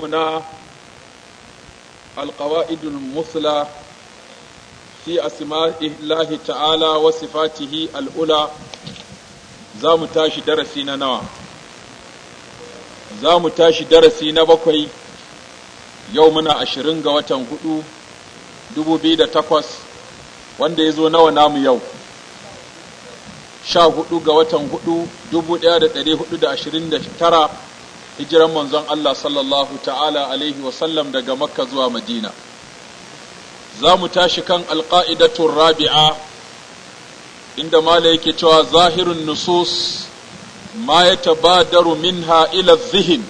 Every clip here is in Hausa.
mu na alƙawa'idul musla fi asma'illahi ta'ala wa sifatihi al'ula za mu tashi darasi na nawa za mu tashi darasi na bakwai yau muna ashirin ga watan hudu dubu biyu da takwas wanda ya zo nawa namu yau sha hudu ga watan hudu dubu ɗaya da ɗari hudu da ashirin da tara hijiran manzon Allah sallallahu ta'ala alaihi wasallam daga makka zuwa madina za mu tashi kan alƙa'idatun rabi'a inda mala yake cewa zahirun nusus ma ya tabadaru minha ila zihin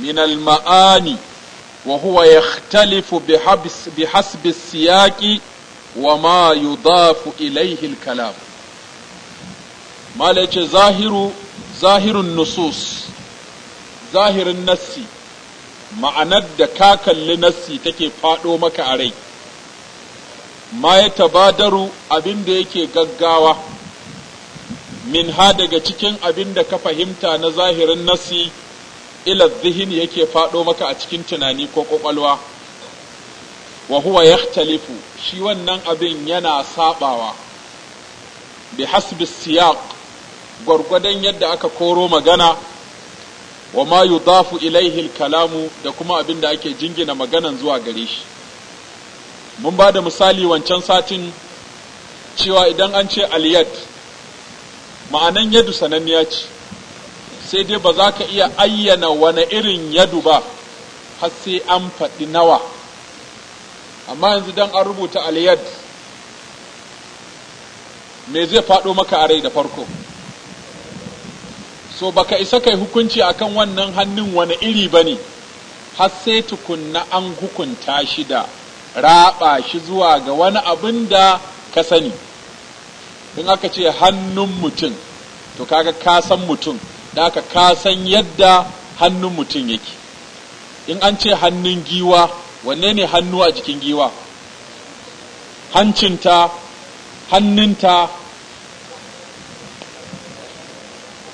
min maani wa huwa bi bihasbi siyaƙi wa ma yudafu ilaihi kalam mala yace zahiru zahirun nusus zahirin nassi ma'anar da ka kalli nassi take faɗo maka a rai ma ya tabadaru abin da yake gaggawa min ha daga cikin abin da ka fahimta na zahirin nassi ila zihin yake faɗo maka a cikin tunani ko ƙwaƙwalwa wa huwa talifu shi wannan abin yana saɓawa bi hasbi siyaq gwargwadon yadda aka koro magana wa ma yudafu ilaihi kalamu da kuma abin da ake jingina maganan zuwa gare shi mun ba da misali wancan satin cewa idan an ce aliyad ma'anan yadu sananniya ce sai dai ba za ka iya ayyana wani irin yadu ba har sai an faɗi nawa amma yanzu don an rubuta aliyad me zai faɗo maka a rai da farko so baka isa kai hukunci akan wannan hannun wani iri ba ne har sai tukunna an hukunta shi da raba shi zuwa ga wani abin da ka sani in aka ce hannun mutum to kaga ka san mutum da aka ka san yadda hannun mutum yake in an ce hannun giwa wanne ne hannu a jikin giwa hancinta hannunta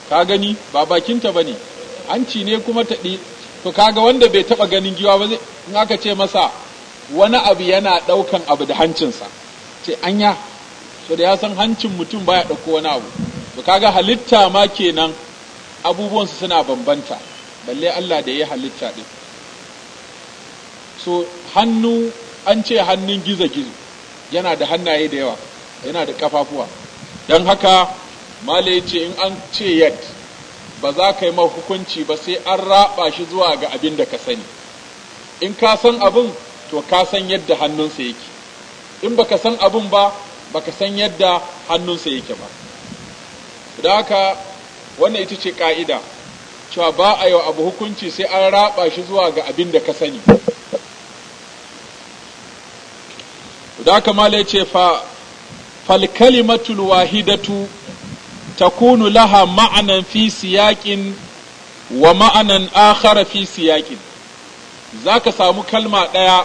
ka gani ba bakinta ba ne hanci ne kuma taɗi to kaga wanda bai taɓa ganin giwa ba zai in aka ce masa wani abu yana ɗaukan abu da hancinsa ce anya so da ya san hancin mutum baya ɗauko wani abu to kaga halitta ma kenan abubuwansu suna bambanta balle Allah da ya halitta ɗin so hannu an ce hannun gizo-gizo yana da hannaye da yawa yana da ƙafafuwa don haka mala ya ce in an ce yad ba za ka yi ma hukunci ba sai an raba shi zuwa ga abin da ka sani in ka san abin to ka san yadda hannunsa yake in baka san abin ba baka san yadda hannunsa yake ba da haka wannan ita ce ka'ida cewa ba a yau abu hukunci sai an raba shi zuwa ga abin da ka sani da haka mala ya ce fa falkalimatul wahidatu takunu laha ma'anan fi siyaƙin wa ma'anan akhara fi siyaƙin za ka samu kalma ɗaya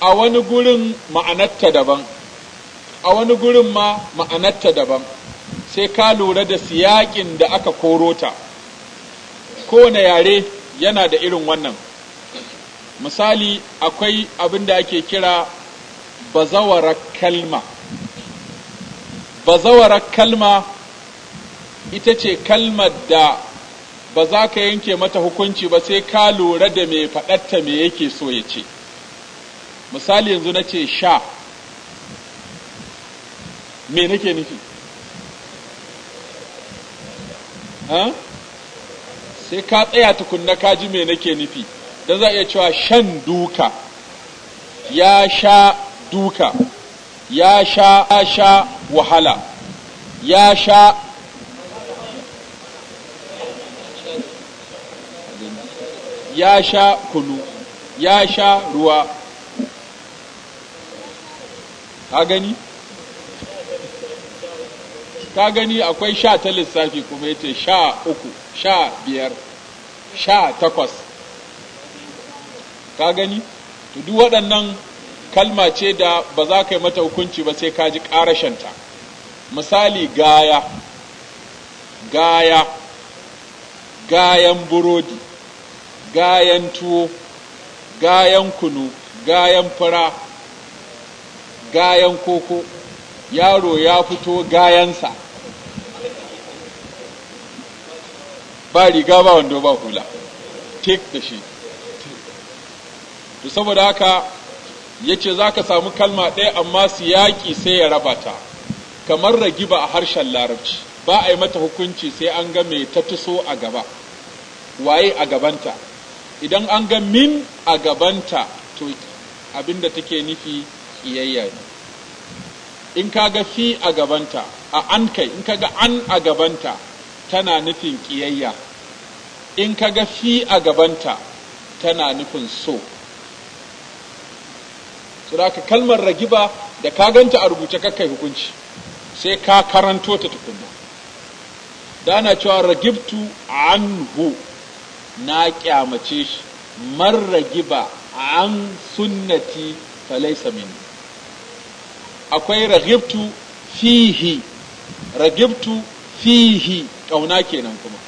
a wani gurin ma'anarta daban a wani gurin ma ma'anarta daban sai ka lura da siyaƙin da aka korota. ta kowane yare yana da irin wannan misali akwai abin da ake kira bazawarar kalma bazawarar kalma ita ce kalmar da ba za ka yanke mata hukunci ba sai ka lura da mai faɗatta mai yake so ya ce misali yanzu na ce sha me nake nufi sai ka tsaya tukunna ka ji me nake nufi don za a iya cewa shan duka ya sha duka ya sha sha wahala ya sha ya sha kunu ya sha ruwa ka gani ka gani akwai sha ta lissafi kuma yace sha uku sha biyar sha takwas ka gani to duk waɗannan kalma ce da ba za ka yi mata hukunci ba sai ka ji karashanta misali gaya gaya gayan burodi gayan tuwo gayan kunu gayan fura gayan koko yaro ya fito gayansa ba riga ba wando ba hula tek da shi to saboda haka yace zaka samu kalma ɗaya amma su yaƙi sai ya raba ta kamar ragiba a harshen larabci ba a yi mata hukunci sai an ga mai ta tuso a gaba waye a gabanta idan an ga min a gabanta to abinda take nufi kiyayya ne in ka ga fi a gabanta a an kai in ka ga an a gabanta tana nufin kiyayya in ka ga fi a gabanta tana nufin so saboda kalmar ragiba da ka ganta a rubuce kakai hukunci sai ka karanto ta tukunna dana cewa ragibtu anhu na kyamace shi marragiba an sunnati falaisa min akwai ragibtu fihi ragibtu fihi ƙauna kenan kuma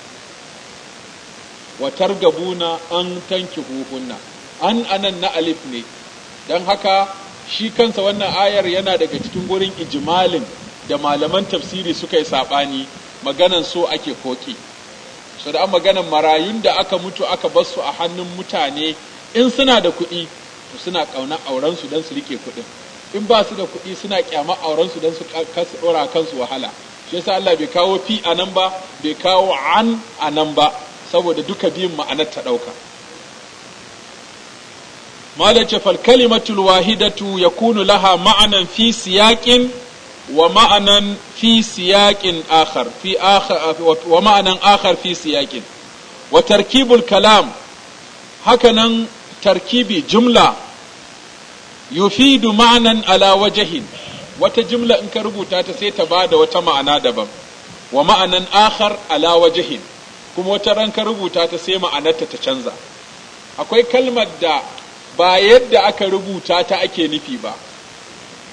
watar gabuna an tanki hukunna an anan na alif ne don haka shi kansa wannan ayar yana daga cikin gurin ijimalin da malaman tafsiri suka yi saɓani maganan so ake koki. so da an maganan marayun da aka mutu aka bar a hannun mutane in suna da kuɗi to suna ƙauna auren su don su rike kuɗin in ba su da kuɗi suna ƙyama auren su don su kasu ɗora kansu wahala shi yasa Allah bai kawo fi a nan ba bai kawo an a nan ba saboda duka biyun ma'anar ta ɗauka malace fal kalimatul wahidatu yakunu laha ma'anan fi siyaqin wa ma'anan fi siyaqin akhar fi akhar wa ma'anan akhar fi siyaqin wa tarkibul kalam hakanan tarkibi jumla yufidu ma'anan ala wajhin wata jumla in ka rubuta ta sai ta bada wata ma'ana daban wa ma'anan akhar ala wajhin kuma wata ranka rubuta ta sai ma'anarta ta canza akwai kalmar da ba yadda aka rubuta ta ake nufi ba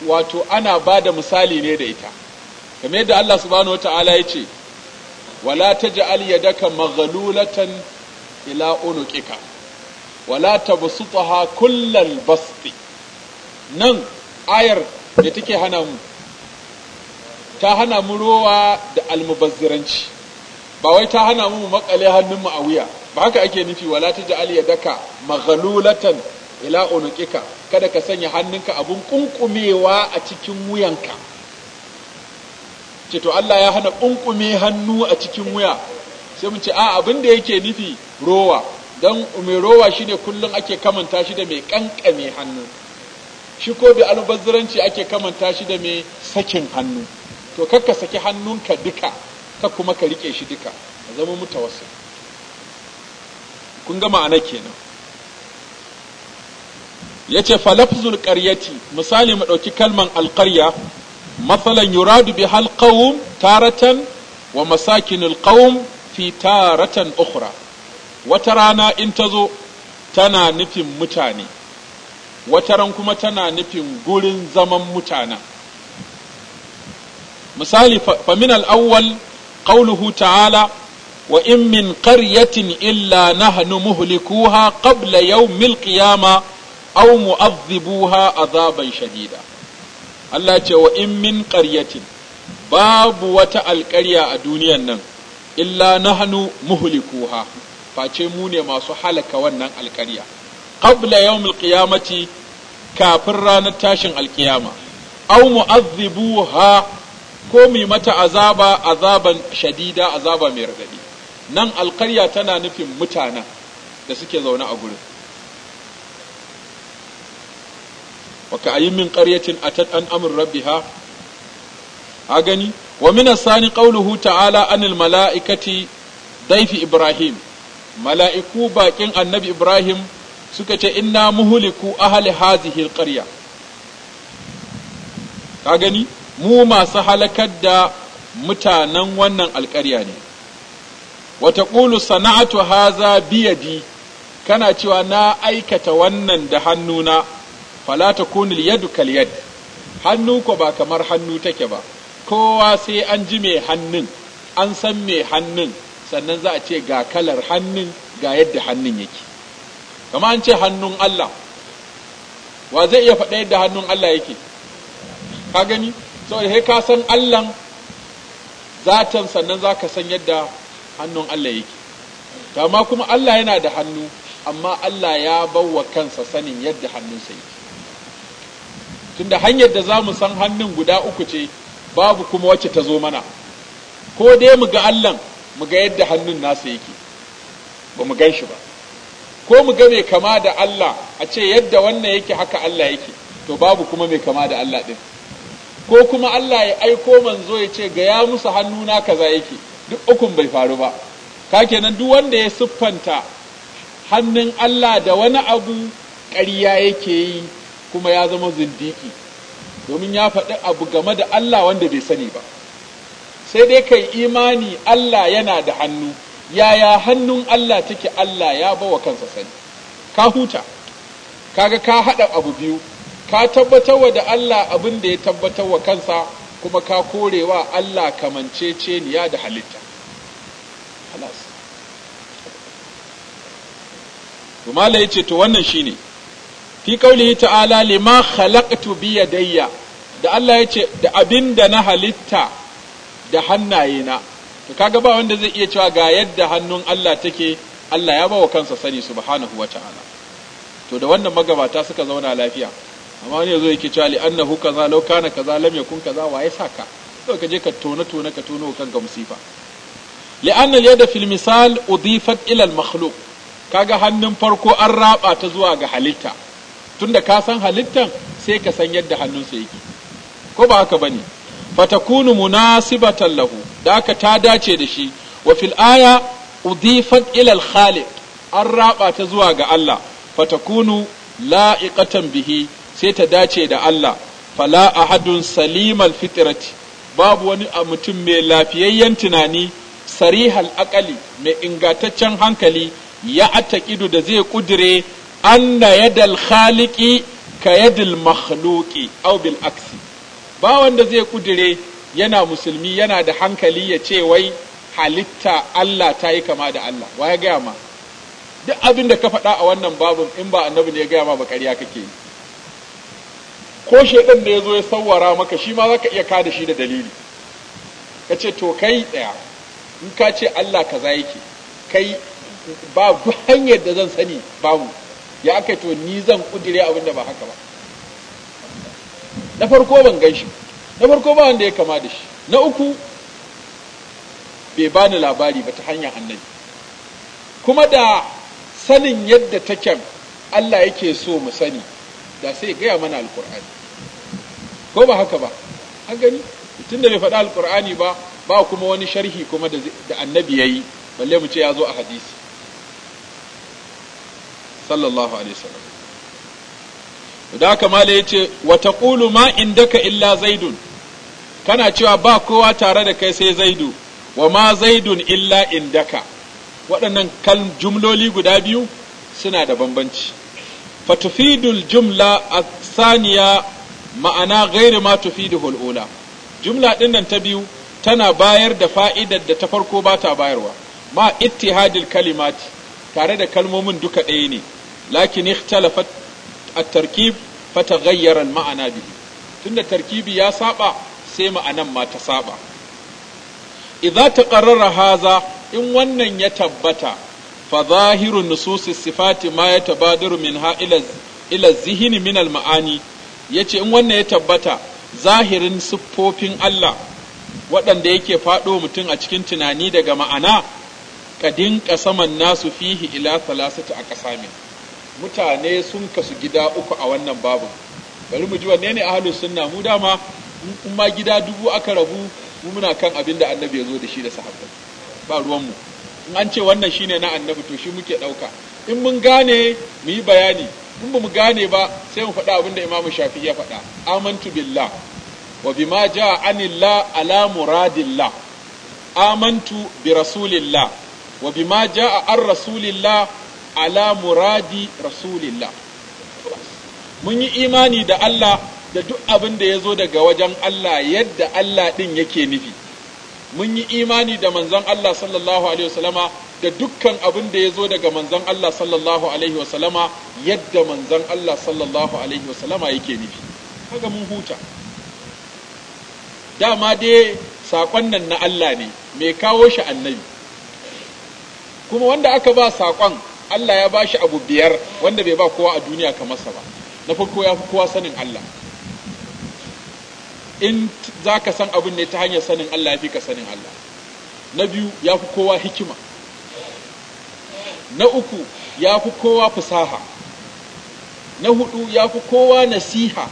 wato ana ba da misali ne da ita kamar da Allah subhanahu wata'ala ya ce wala ta taj'al yadaka maghlulatan ila unuqika wala ta tabsutaha kullal basti nan ayar da take hana mu ta hana mu rowa da almubazziranci ba wai ta hana mu makale hannunmu a wuya ba haka ake nufi wala ta taj'al yadaka maghlulatan ila unuqika kada ka sanya hannunka abun kunkumewa a cikin wuyanka ce to Allah ya hana kunkume hannu a cikin wuya sai mun ce a abin da yake nufi rowa don mai rowa shine kullum ake kamanta shi da mai kankame hannu shi ko bi albazuranci ake kamanta shi da mai sakin hannu to kakka saki hannunka duka ka kuma ka rike shi duka zama mutawassil kun ga ma'ana kenan ya ce falafzul ƙaryati misali mu ɗauki kalman alƙarya matsalan yuradu bi halƙawun taratan wa masakinul ƙawun fi taratan ukhra wata rana in ta zo tana nufin mutane wata ran kuma tana nufin gurin zaman mutanen misali famin al'awwal ƙauluhu ta'ala wa in min ƙaryatin illa nahnu muhlikuha ƙabla yawmil qiyama aw mu'adhibuha azaban shadida Allah ce wa in min qaryatin babu wata alƙarya a duniyan nan illa nahnu muhlikuha face mu ne masu halaka wannan alƙarya qabla yawmil qiyamati kafin ranar tashin alkiyama aw mu'adhibuha ko mi mata azaba azaban shadida azaba mai radadi nan alƙarya tana nufin mutanen da suke zaune a gurin Waka ayi min ƙaryacin a an amr rabbi ha gani wa mina sani qawluhu ta'ala anil mala'ikati daifi ibrahim mala'iku baƙin annabi ibrahim suka ce inna muhuliku ahali hadhihi alqarya ka gani mu masu halakar da mutanen wannan alƙarya ne wata ƙulu sana'atu haza biyadi kana cewa na aikata wannan da hannuna fala kuni yadu kal yad hannu ko ba kamar hannu take ba kowa sai an ji mai hannun an san mai hannun sannan za a ce ga kalar hannun ga yadda hannun yake kama an ce hannun Allah wa zai iya faɗa yadda hannun Allah yake ka gani saboda sai ka san Allah zatan sannan za ka san yadda hannun Allah yake amma kuma Allah yana da hannu amma Allah ya bawa kansa sanin yadda hannunsa yake tunda hanyar da za mu san hannun guda uku ce babu kuma wacce ta zo mana ko dai mu ga allan mu ga yadda hannun nasa yake ba mu gan shi ba ko mu ga mai kama da Allah a ce yadda wannan yake haka Allah yake to babu kuma mai kama da Allah din ko kuma Allah ya aiko manzo ya ce ga ya musu hannu na kaza yake duk ukun bai faru ba ka kenan duk wanda ya siffanta hannun Allah da wani abu ƙarya yake yi kuma ya zama zindiki domin ya faɗi abu game da Allah wanda bai sani ba sai dai kai imani Allah yana da hannu yaya hannun Allah take Allah ya bawa kansa sani ka huta kaga ka haɗa abu biyu ka tabbatar wa da Allah abin da ya tabbatar wa kansa kuma ka korewa Allah ya da halitta halas Tumala ya ce, To wannan shine ne, fi qaulihi ta'ala lima khalaqtu bi yadayya da Allah ce da abinda na halitta da hannayena to kaga ba wanda zai iya cewa ga yadda hannun Allah take Allah ya ba wa kansa sani subhanahu ta'ala to da wannan magabata suka zauna lafiya amma wani yazo yake cewa li annahu kaza law kana kaza lam yakun kaza wa ya saka to ka je ka tona tona ka tono kan ga musifa li anna yada fil misal udifat ila al makhluq kaga hannun farko an raba ta zuwa ga halitta tunda ka san halittan sai ka san yadda hannunsa yake ko ba haka bane fatakunu munasibatan lahu da aka ta dace da shi wa fil aya udifat ila khaliq an raba ta zuwa ga Allah fatakunu la'iqatan bihi sai ta dace da Allah fala ahadun salimal fitrati babu wani a mutum mai lafiyayyen tunani sarihal akali mai ingantaccen hankali ya ataqidu da zai kudire anna yadal khaliqi ka yadil makhluqi aw bil aksi ba wanda zai kudire yana musulmi yana da hankali ya ce wai halitta Allah ta yi kama da Allah wa ya gaya ma duk abin da ka faɗa a wannan babin in ba annabi ne ya gaya ma ba ƙarya kake yi ko shaidan da ya zo ya sawwara maka shi ma zaka iya kada shi da dalili kace to kai ɗaya in ka ce Allah kaza yake kai ba hanyar da zan sani babu ya aka to ni zan kudire abin da ba haka ba na farko ban gan na farko ba wanda ya kama da shi na uku bai bani labari ba ta hanyar annabi kuma da sanin yadda take Allah yake so mu sani da sai gaya mana alkur'ani ko ba haka ba an gani tun da bai faɗa alkur'ani ba ba kuma wani sharhi kuma da annabi ya yi balle mu ce ya zo a hadisi sallallahu alaihi wasallam da haka mala yace wa taqulu ma indaka illa zaidun kana cewa ba kowa tare da kai sai zaidu wa ma zaidun illa indaka waɗannan kan jumloli guda biyu suna da bambanci fatufidul jumla saniya ma'ana gairi ma tufiduhul ula jumla ɗin nan ta biyu tana bayar da fa'idar da ta farko ba ta bayarwa ma ittihadil kalimati tare da kalmomin duka ɗaya ne lakin ikhtalafat at-tarkib fataghayyara al-ma'ana bihi tunda tarkibi ya saba sai ma'anan ma ta saba idza taqarrara haza in wannan ya tabbata fa zahiru nusus sifati ma yatabadaru min ila ila zihin min al-ma'ani yace in wannan ya tabbata zahirin siffofin Allah waɗanda yake faɗo mutum a cikin tunani daga ma'ana kadin ƙasaman nasu fihi ila salasata a ƙasamin mutane sun kasu gida uku a wannan babu bari mu ji wanne ne ahlus sunna mu dama in ma gida dubu aka rabu mu muna kan abinda annabi ya zo da shi da sahabbai ba ruwan mu in an ce wannan shine na annabi to shi muke dauka in mun gane mu yi bayani in ba mu gane ba sai mu faɗa abin da imamu shafi ya faɗa amantu billah wa bima jaa anillah ala muradillah amantu bi rasulillah wa bima jaa an rasulillah ala muradi rasulillah mun yi imani da Allah da duk abin da ya zo daga wajen Allah yadda Allah ɗin yake nufi mun yi imani da manzon Allah sallallahu alaihi wasallama da dukkan abin da ya zo daga manzon Allah sallallahu alaihi wasallama yadda manzon Allah sallallahu alaihi wasallama yake nufi kaga mun huta dama dai saƙon nan na Allah ne mai kawo shi annabi kuma wanda aka ba saƙon Allah ya ba shi abu biyar wanda bai ba kowa a duniya kamar sa ba na farko ya fi kowa sanin Allah in za ka san abin ne ta hanyar sanin Allah ya fi ka sanin Allah na biyu ya fi kowa hikima na uku ya fi kowa fasaha na hudu ya fi kowa nasiha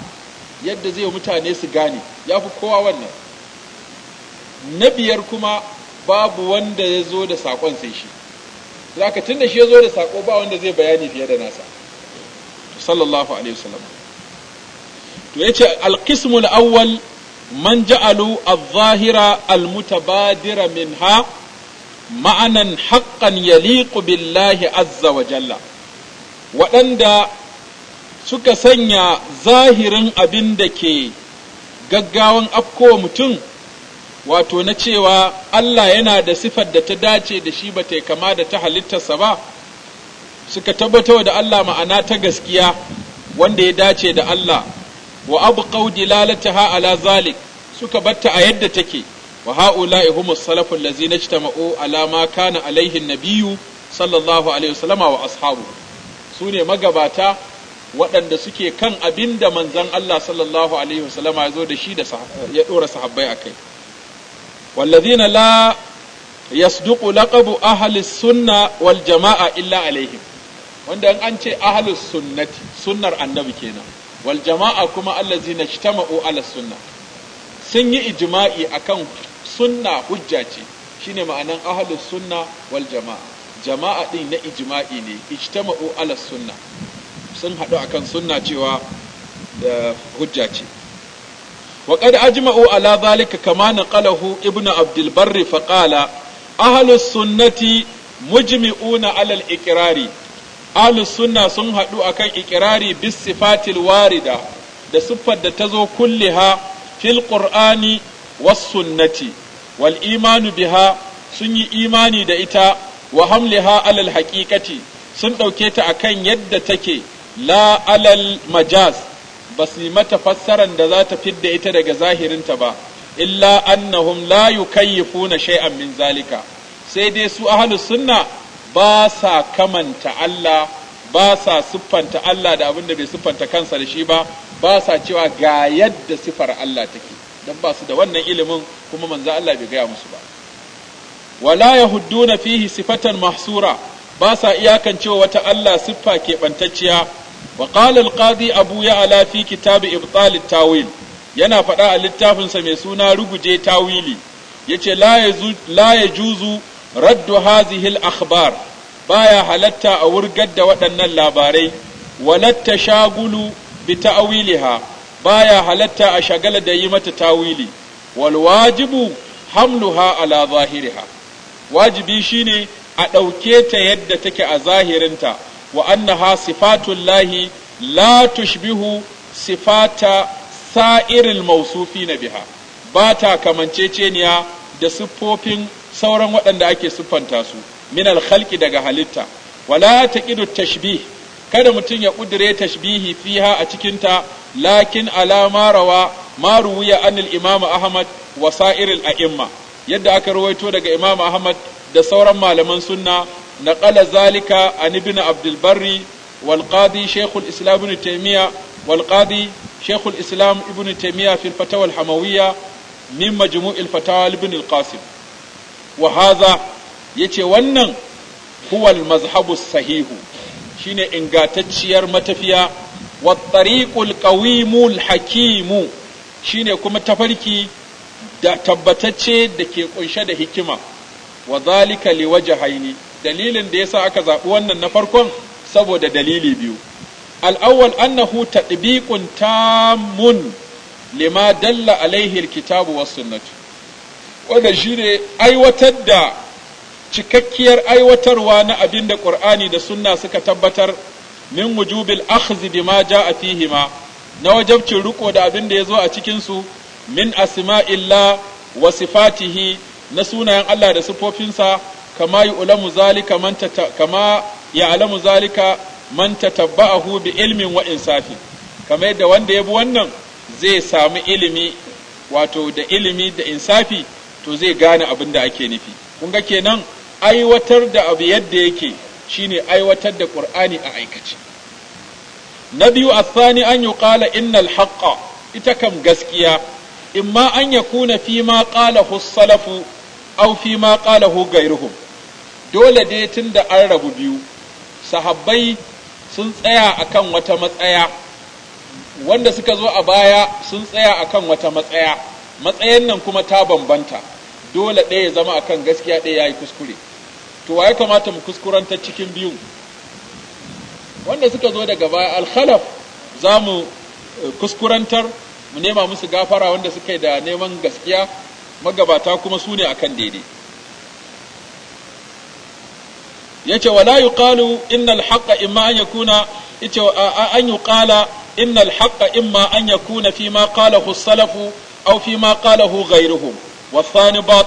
yadda zai mutane su gane ya fi kowa wannan na biyar kuma babu wanda ya zo da saƙon sai shi zaka da shi yazo da sako ba wanda zai bayani fiye da nasa sallallahu alaihi wasallam to yace ce qismu al-awwal man ja'alu adh zahira al-mutabadira minha ma'anan haƙƙan yaliqu billahi azza wa jalla waɗanda suka sanya zahirin abin da ke gaggawan afkowa mutum wato na cewa Allah yana da sifar da ta dace da shi ba ta kama da ta halittarsa ba suka tabbatar da Allah ma'ana ta gaskiya wanda ya dace da Allah wa abqaw dilalataha ala zalik suka batta a yadda take wa haula'i humus salaful ladzina ijtama'u ala ma kana alaihi nabiyyu sallallahu alaihi wasallama wa ashabu su ne magabata waɗanda suke kan abinda manzon Allah sallallahu alaihi wasallama ya zo da shi da ya dora sahabbai akai Wallazina la yasduqu laqabu ahli sunna wal illa alaihim wanda an ce ahli sunnati sunnar annabi kenan wal jama'a kuma allazina ijtama'u ala sunna sun yi ijma'i akan sunna hujja ce shine ma'anan ahli sunna wal jama'a jama'a din na ijma'i ne ijtama'u ala sunna sun haɗu akan sunna cewa da hujja ce waƙar qad ajma'u ala zalika kama ƙalahu ibnu abdul barri fa ahlus sunnati mujmi'una ala al iqrari ahlus sunna sun hadu akan iqrari bis sifatil warida da siffar da tazo kulliha fil qur'ani was sunnati wal imanu biha sun yi imani da ita wa hamliha alal haqiqati sun dauke ta akan yadda take la'alal alal majaz ba su yi mata fassaran da za ta fidda ita daga zahirinta ba illa annahum la yukayyifuna shay'an min zalika sai dai su ahlus sunna ba sa kamanta Allah ba sa siffanta Allah da abin da bai siffanta kansa da shi ba ba sa cewa ga yadda sifar Allah take don ba su da wannan ilimin kuma manzo Allah bai gaya musu ba wala yahudduna fihi sifatan mahsura ba sa iyakan cewa wata Allah siffa keɓantacciya wa qala al-qadi abu ya'la fi kitab ibtal tawil yana faɗa a littafinsa mai suna ruguje tawili yace la yajuzu raddu hazihi al-akhbar baya halatta a wurgar da waɗannan labarai walatta shagulu bitawiliha ta'wiliha baya halatta a shagala da yi mata tawili wal wajibu hamluha ala zahiriha wajibi shine a ɗauke ta yadda take a zahirinta wa sifatullahi sifatun la tushbihu sifata sa'irin mausufi na biha ba ta kamanceceniya da siffofin sauran waɗanda ake siffanta su min alkhalqi daga halitta wala taqidu tashbih kada mutum ya kudure tashbihi fiha a cikinta lakin alama rawa ma ruwiya anil imam ahmad wa sa'iril a'imma yadda aka rawaito daga imam ahmad da sauran malaman sunna نقل ذلك عن ابن عبد البر والقاضي شيخ الإسلام ابن تيمية والقاضي شيخ الإسلام ابن تيمية في الفتاوى الحموية من مجموع الفتاوى لابن القاسم وهذا يتي ونن هو المذهب الصحيح شين إنغاتتشير متفيا والطريق القويم الحكيم shine kuma tafarki da tabbatacce da ke kunshe da hikima wa zalika liwajhaini dalilin da yasa aka zaɓi wannan na farkon saboda dalili biyu al'awwal annahu tadbiqun tamun lima dalla alaihi alkitabu was sunnah wanda shine aiwatar da cikakkiyar aiwatarwa na abin da qur'ani da sunna suka tabbatar min wujubil akhdhi bima jaa fihi ma na wajabcin riko da abin da yazo a cikin su min asma'illah wa sifatihi na sunayen Allah da sifofinsa kama ya'lamu zalika man kama zalika man tatabba'ahu bi ilmin wa insafin kamar yadda wanda ya bi wannan zai samu ilimi wato da ilimi da insafi to zai gane abin da ake nufi kun ga kenan aiwatar da abu yadda yake shine aiwatar da qur'ani a aikace na biyu athani an yuqala innal haqqa ita kam gaskiya imma an yakuna fi ma qala salafu aw fi ma qalahu ghayruhum dole dai tun da an rabu biyu sahabbai sun tsaya akan wata matsaya wanda suka zo a baya sun tsaya akan wata matsaya matsayan nan kuma ta bambanta dole ɗaya ya zama akan gaskiya ɗaya ya yi kuskure to wa ya kamata mu kuskuranta cikin biyu wanda suka zo daga baya alhalaf za mu eh, kuskurantar mu nema musu gafara wanda suka yi da neman gaskiya magabata kuma su ne akan daidai yace wala yuqalu innal haqqa imma an yakuna yace an yuqala innal haqqa imma an fi ma salafu au fi ma qalahu ghayruhum والثاني ba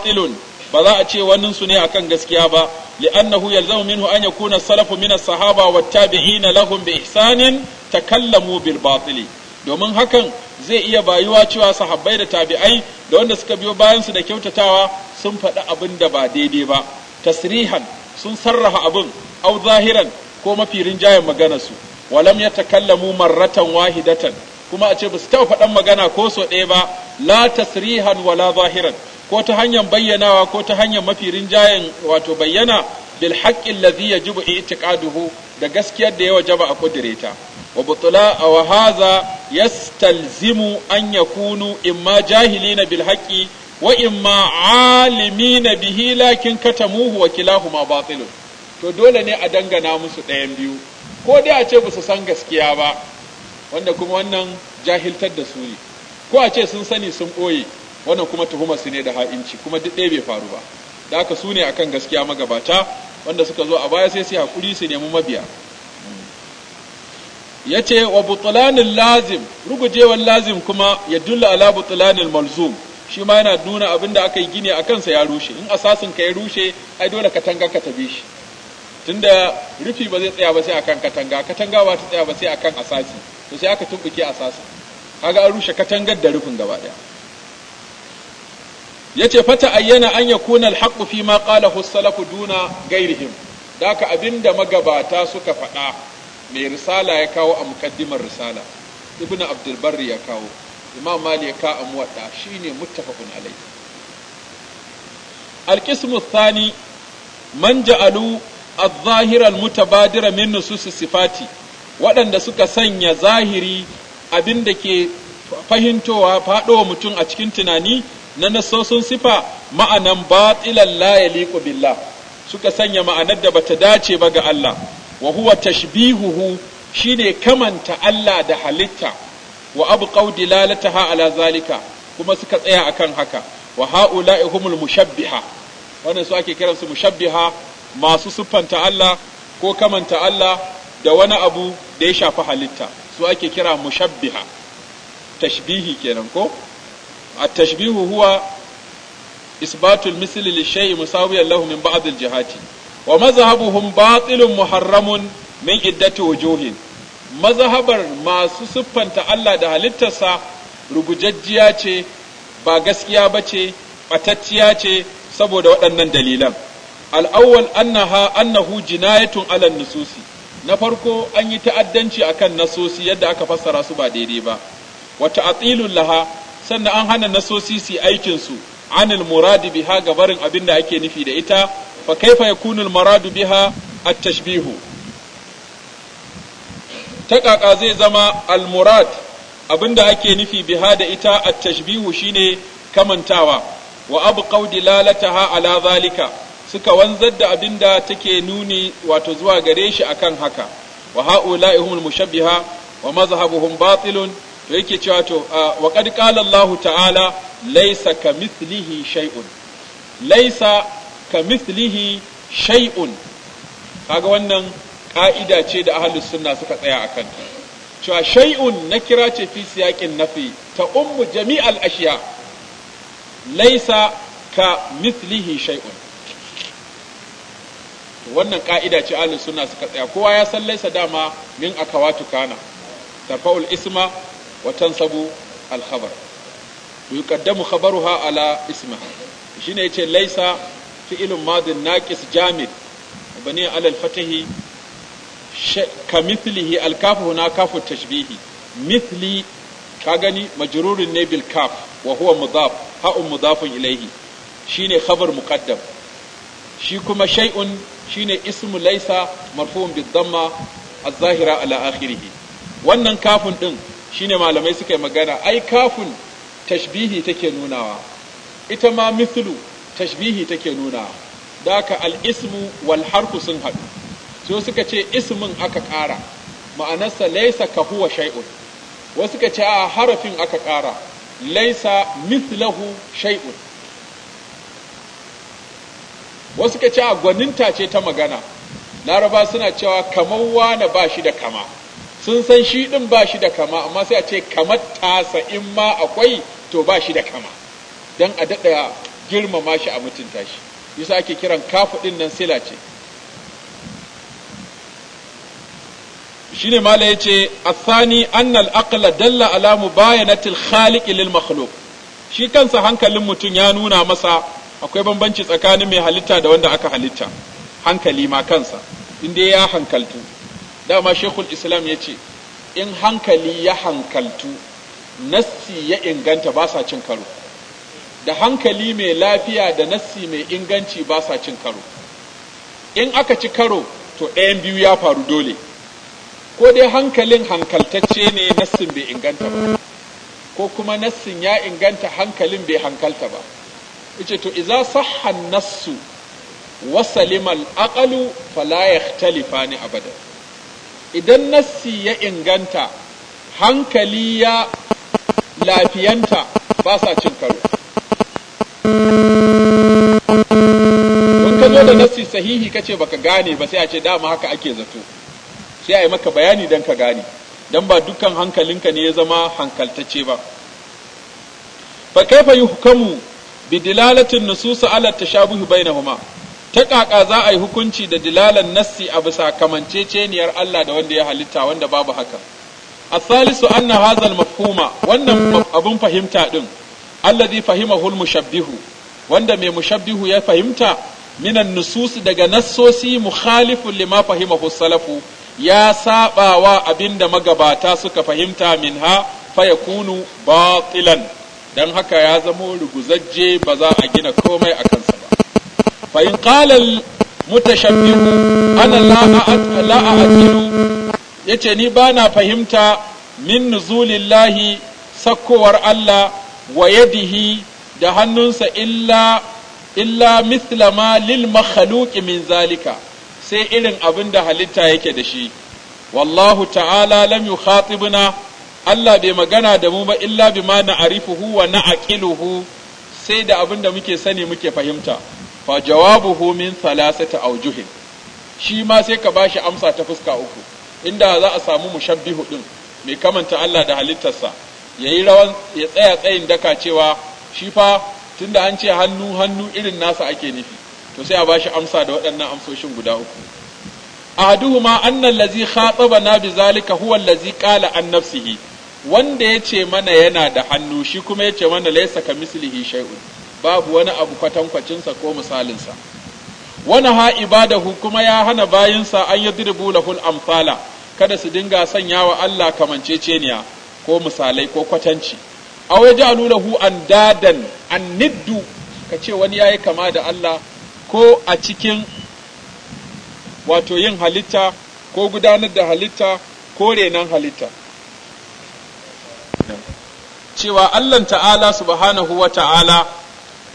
za a ce wannan su ne akan gaskiya ba li'annahu yalzamu minhu an kuna salafu min as-sahaba wat tabi'in lahum bi ihsanin takallamu bil batili domin hakan zai iya bayuwa cewa sahabbai da tabi'ai da wanda suka biyo bayan su da kyautatawa sun faɗi abin da ba daidai ba tasrihan sun sarrafa abin au zahiran ko mafi rinjayen maganarsu walam ya takallamu marratan wahidatan kuma a ce ba su taɓa faɗan magana ko so ɗaya ba la tasrihan wala zahiran ko ta hanyar bayyanawa ko ta hanyar mafi rinjayen wato bayyana bil haqqi alladhi yajibu i'tiqaduhu da gaskiyar da ya wajaba a kudireta wa butula wa hadha yastalzimu an yakunu imma jahilina bil haqqi wa imma na bihi lakin katamuhu wa ma batilun to dole ne a dangana musu ɗayan biyu ko dai a ce ba san gaskiya ba wanda kuma wannan jahiltar da su ne ko a ce sun sani sun ɓoye wannan kuma tuhumar su ne da ha'inci kuma duk ɗaya bai faru ba da haka su ne a kan gaskiya magabata wanda suka zo a baya sai su hakuri su nemi mabiya ya ce wa butulanin lazim rugujewan lazim kuma ya dulla ala butulanin malzum shi ma yana nuna abin da aka yi gini a kansa ya rushe in asasin ka ya rushe ai dole katanga ka tabe shi tunda rufi ba zai tsaya ba sai akan katanga katanga ba ta tsaya ba sai akan asasi to sai aka tumbuke asasin kaga an rushe katangar da rufin gaba daya yace fata ayyana an yakuna alhaqu fi ma qalahu salafu duna ghairihim daka abinda magabata suka faɗa mai risala ya kawo a mukaddimar risala ibnu abdul barri ya kawo imam mali ya ka shi shine muttafaqun alai alqismu thani man ja'alu الظاهر المتبادر من نصوص sifati waɗanda suka sanya zahiri abin da ke fahimtowa faɗowa mutum a cikin tunani na nasosin sifa ma'anan batilan la yaliqu billah suka sanya ma'anar da bata dace ba ga Allah wa huwa tashbihuhu shine kamanta Allah da halitta wa abqaw dilalataha ala zalika kuma suka tsaya akan haka wa haula'i humul mushabbiha wannan su ake kiransu mushabbiha masu siffanta Allah ko kamanta Allah da wani abu da ya shafi halitta su ake kira mushabbiha tashbihi kenan ko التشبيه هو إثبات المثل للشيء مساويا له من بعض الجهات ومذهبهم باطل muharramun من عدة وجوه mazahabar masu siffanta Allah da halittarsa rugujajjiya ce ba gaskiya ba ce ɓatacciya ce saboda waɗannan dalilan al'awwal annaha annahu jinayatun alal nususi na farko an yi ta'addanci akan nasosi yadda aka fassara su ba daidai ba wata atilun laha sannan an hana nasosi su aikin su anil muradi biha ga barin abin da ake nufi da ita fa kaifa yakunul maradu biha at tashbihu ta zai zama almurad abinda ake nufi biha da ita a tashbihu shine kamantawa wa lalata ha ala zalika suka wanzar da abinda take nuni wato zuwa gare shi akan haka wa ha'ula'i humul mushabbiha wa mazhabuhum batilun to yake cewa to wa qad qala Allahu ta'ala laysa kamithlihi shay'un laysa kamithlihi shay'un kaga wannan ƙa'ida ce da ahlus sunna suka tsaya a kanta cewa shay'un na kira ce fi siyaƙin nafi ta ummu jami'al ashiya laisa ka mithlihi shay'un wannan ƙa'ida ce ahlus sunna suka tsaya kowa ya san laisa dama min akawatu kana tarfa'ul isma wa tansabu al khabar yuqaddamu khabaruha ala ismiha shine yace laisa fi'ilun madin naqis jamid bani alal fatihi ka mithlihi alkafu huna kafu tashbihi mithli ka gani majrurun ne bil kaf wa huwa mudaf ha'un mudafun ilayhi shine khabar muqaddam shi kuma shay'un shine ismu laysa marfu'un bid damma az-zahira ala akhirih wannan kafun din shine malamai suka yi magana ai kafun tashbihi take nunawa ita ma mithlu tashbihi take nunawa daka al-ismu wal harfu sun haɗu su suka ce ismin aka ƙara ma'anarsa laisa ka huwa shay'un wasu suka ce a harafin aka ƙara laisa mithlahu shay'un wasu suka ce a gwaninta ce ta magana laraba suna cewa kamar wane ba shi da kama sun san shi ɗin ba shi da kama amma sai a ce kamar tasa in ma akwai to ba shi da kama don a daɗa girmama shi a mutunta shi yasa ake kiran kafu ɗin nan sila ce shine mala ya sani asani na aqla dalla ala mubayanati al lil makhluq shi kansa hankalin mutum ya nuna masa akwai bambanci tsakanin mai halitta da wanda aka halitta hankali ma kansa inda ya hankaltu dama shekul islam ya ce in hankali ya hankaltu nassi ya inganta ba sa cin karo da hankali mai lafiya da nassi mai inganci ba sa cin karo in aka ci karo to ɗayan biyu ya faru dole ko dai hankalin hankaltacce ne nassin bai inganta ba ko kuma nassin ya inganta hankalin bai hankalta ba ice to iza sahan nassu wa salima al-aqlu fala yakhtalifani abada idan nassi ya inganta hankali ya lafiyanta ba sa cin karo kun ka zo da nassi sahihi kace baka gane ba sai a ce dama haka ake zato sai a yi maka bayani don ka gane don ba dukkan hankalinka ne ya zama hankaltacce ba fa kaifa yuhkamu bi dilalatin ta ala tashabuhi bainahuma ta kaka za a yi hukunci da dilalan nassi a bisa kamanceceniyar Allah da wanda ya halitta wanda babu haka الثالث anna hazal المفهوم wannan abun fahimta دن الذي fahimahul mushabbihu wanda mai mushabbihu ya fahimta minan nusus daga nassosi mukhalifun lima fahimahu salafu ya saba wa abinda magabata suka fahimta minha kunu batilan dan haka ya zamo ruguzajje ba za a gina komai a kansa ba fa in ana la ya ce ni bana fahimta min nuzulillahi sakkowar Allah wa yadihi da hannunsa illa illa mithla ma lil makhluq min zalika sai irin abin da halitta yake da shi wallahu ta'ala lam khatibuna, Allah bai magana da mu ba illa bi ma na arifuhu wa na'qiluhu sai da abin da muke sani muke fahimta fa jawabuhu min thalathati aujuhin shi ma sai ka ba shi amsa ta fuska uku inda za a samu mushabbihu ɗin mai kamanta Allah da halittarsa yayi rawan ya tsaya tsayin daka cewa shi fa tunda an ce hannu hannu irin nasa ake nufi to sai a bashi amsa da waɗannan amsoshin guda uku ahaduhuma annal ladzi khatabana bizalika huwa lazi qala an nafsihi wanda yace mana yana da hannu shi kuma yace mana laysa mislihi shai'u babu wani abu kwatankwacinsa ko misalinsa sa wani ha ibadahu kuma ya hana bayinsa an yadribu lahul amsala kada su dinga sanya wa Allah kamanceceniya ko misalai ko kwatanci aw yaj'alu lahu andadan an niddu kace wani ya yi kama da Allah ko a cikin wato yin halitta ko gudanar da halitta ko renon halitta cewa Allah ta'ala subhanahu wa ta'ala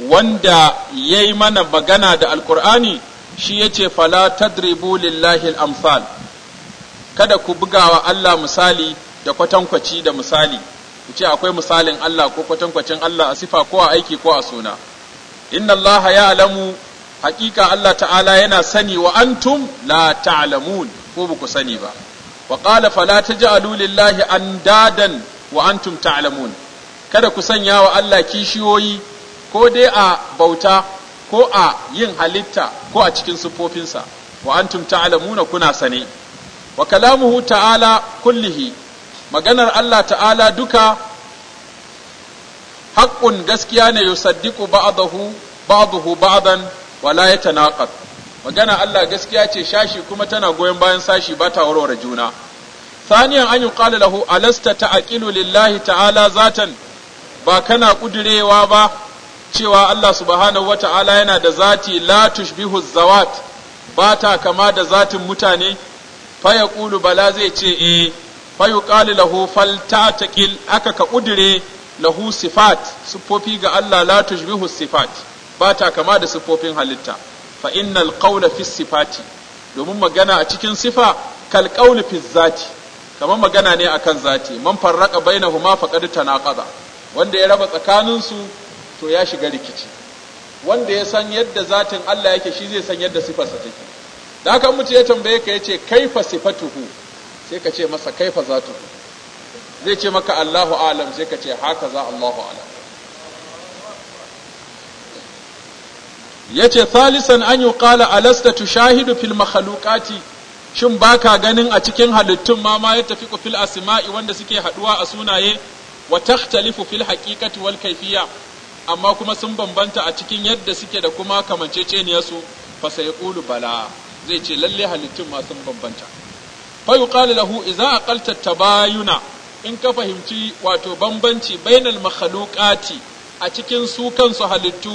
wanda ya yi mana magana da alkur'ani shi ya ce fala tadribu lillahi al'amfal kada ku bugawa Allah misali da kwatankwaci da misali ku ce akwai misalin Allah ko kwatankwacin Allah a sifa ko a aiki ko a suna inna Allah ya alamu hakika Allah ta'ala yana sani wa antum la ta'alamun ko ba ku sani ba wa qala fala alulillahi lillahi andadan wa antum ta'alamun kada ku sanya wa Allah kishiyoyi ko dai a bauta ko a yin halitta ko a cikin sufofinsa wa antum ta'lamuna kuna sane wa kalamuhu ta'ala kullihi maganar Allah ta'ala duka haƙƙun gaskiya ne yusaddiqu ba'dahu ba'dahu ba'dan wala ya tanaqad magana Allah gaskiya ce shashi kuma tana goyon bayan sashi ba ta warware juna saniyan an yuqala lahu alasta ta'qilu lillahi ta'ala zatan ba kana kudirewa ba cewa Allah subhanahu ta'ala yana da zati la tushbihu zawat ba ta kama da zatin mutane fa yaqulu bala zai ce eh fa yuqalu lahu faltataqil aka ka kudire lahu sifat sufofi ga Allah la tushbihu sifat ba ta kama da siffofin halitta fa innal qawla fi sifati domin magana a cikin sifa kal qawli fi zati kamar magana ne akan zati man farraqa bainahuma faqad tanaqada wanda ya raba tsakanin su to ya shiga rikici wanda ya san yadda zatin Allah yake shi zai san yadda sifarsa take da haka mutum ya tambaye ka yace kaifa sifatuhu sai ka ce masa kaifa zatuhu zai ce maka Allahu alam sai ka ce haka za Allahu alam yace thalisan an yuqala alasta shahidu fil makhluqati shin baka ganin a cikin halittun ma ma ku fil asima'i wanda suke haduwa a sunaye wa takhtalifu fil haqiqati wal kayfiyya amma kuma sun bambanta a cikin yadda suke da kuma ne su fa sayqulu bala zai ce lalle halittun ma sun bambanta fa yuqalu lahu idza aqalta tabayuna in ka fahimci wato bambanci bainal makhluqati a cikin su kansu halittu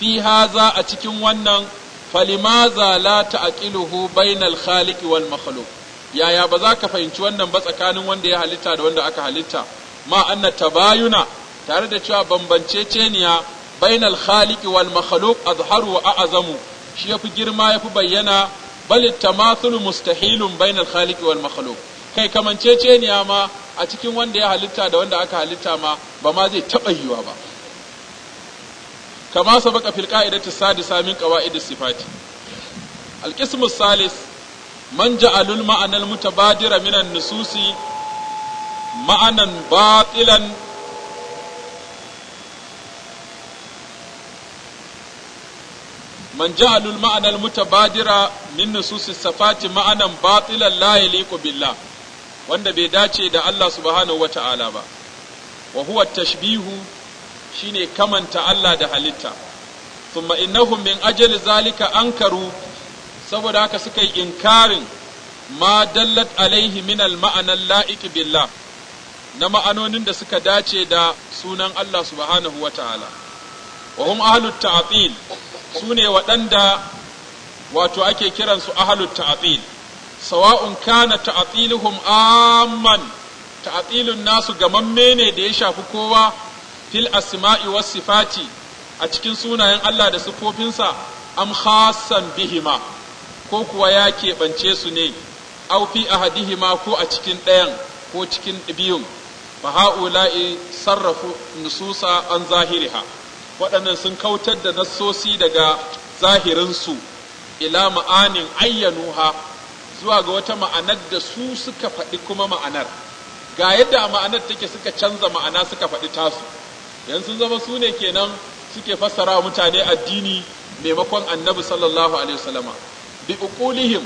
fi haza a cikin wannan falimaza la ta'qiluhu bainal khaliqi wal makhluq yaya ba za ka fahimci wannan ba tsakanin wanda ya halitta da wanda aka halitta ma anna tabayuna tare da cewa bambanceceniya bainal khaliqi wal makhluq azharu wa a'zamu shi yafi girma yafi bayyana bal tamathul mustahilun bainal khaliqi wal makhluq kai kamanceceniya ma a cikin wanda ya halitta da wanda aka halitta ma ba ma zai taba yiwa ba kama sabaqa fil qa'idati sadisa min qawaid sifati al-qism salis man ja'ala al-ma'ana al-mutabadira min nususi ma'anan batilan من جعل المعنى المتبادر wanda bai dace da Allah subhanahu wa ta'ala ba, wa huwa tashbihu shine kamanta Allah da halitta thumma innahum min ajali zalika ankaru saboda haka suka yi inkarin ma dallat alaihi min al-ma'ana la'iq billah na ma'anonin da suka dace da sunan Allah subhanahu ta'ala, wa hum ahalut su ne waɗanda wato ake kiransu ahalut ta'atil, sawa'un kana ta'atiluhum amman ta'atilun nasu gamamme ne da ya shafi kowa fil asma'i was sifati a cikin sunayen Allah da sifofinsa am khassan bihima ko kuwa ya keɓance su ne aw fi ahadihima ko a cikin ɗayan ko cikin biyun fa ha'ula'i sarrafu nususa an zahiriha waɗannan sun kautar da nassosi daga zahirin su ila ma'anin ayyanuha zuwa ga wata ma'anar da su suka faɗi kuma ma'anar ga yadda ma'anar take suka canza ma'ana suka faɗi tasu Yan sun zama su ne kenan suke fassara wa mutane addini maimakon annabi sallallahu alaihi wasallama bi uqulihim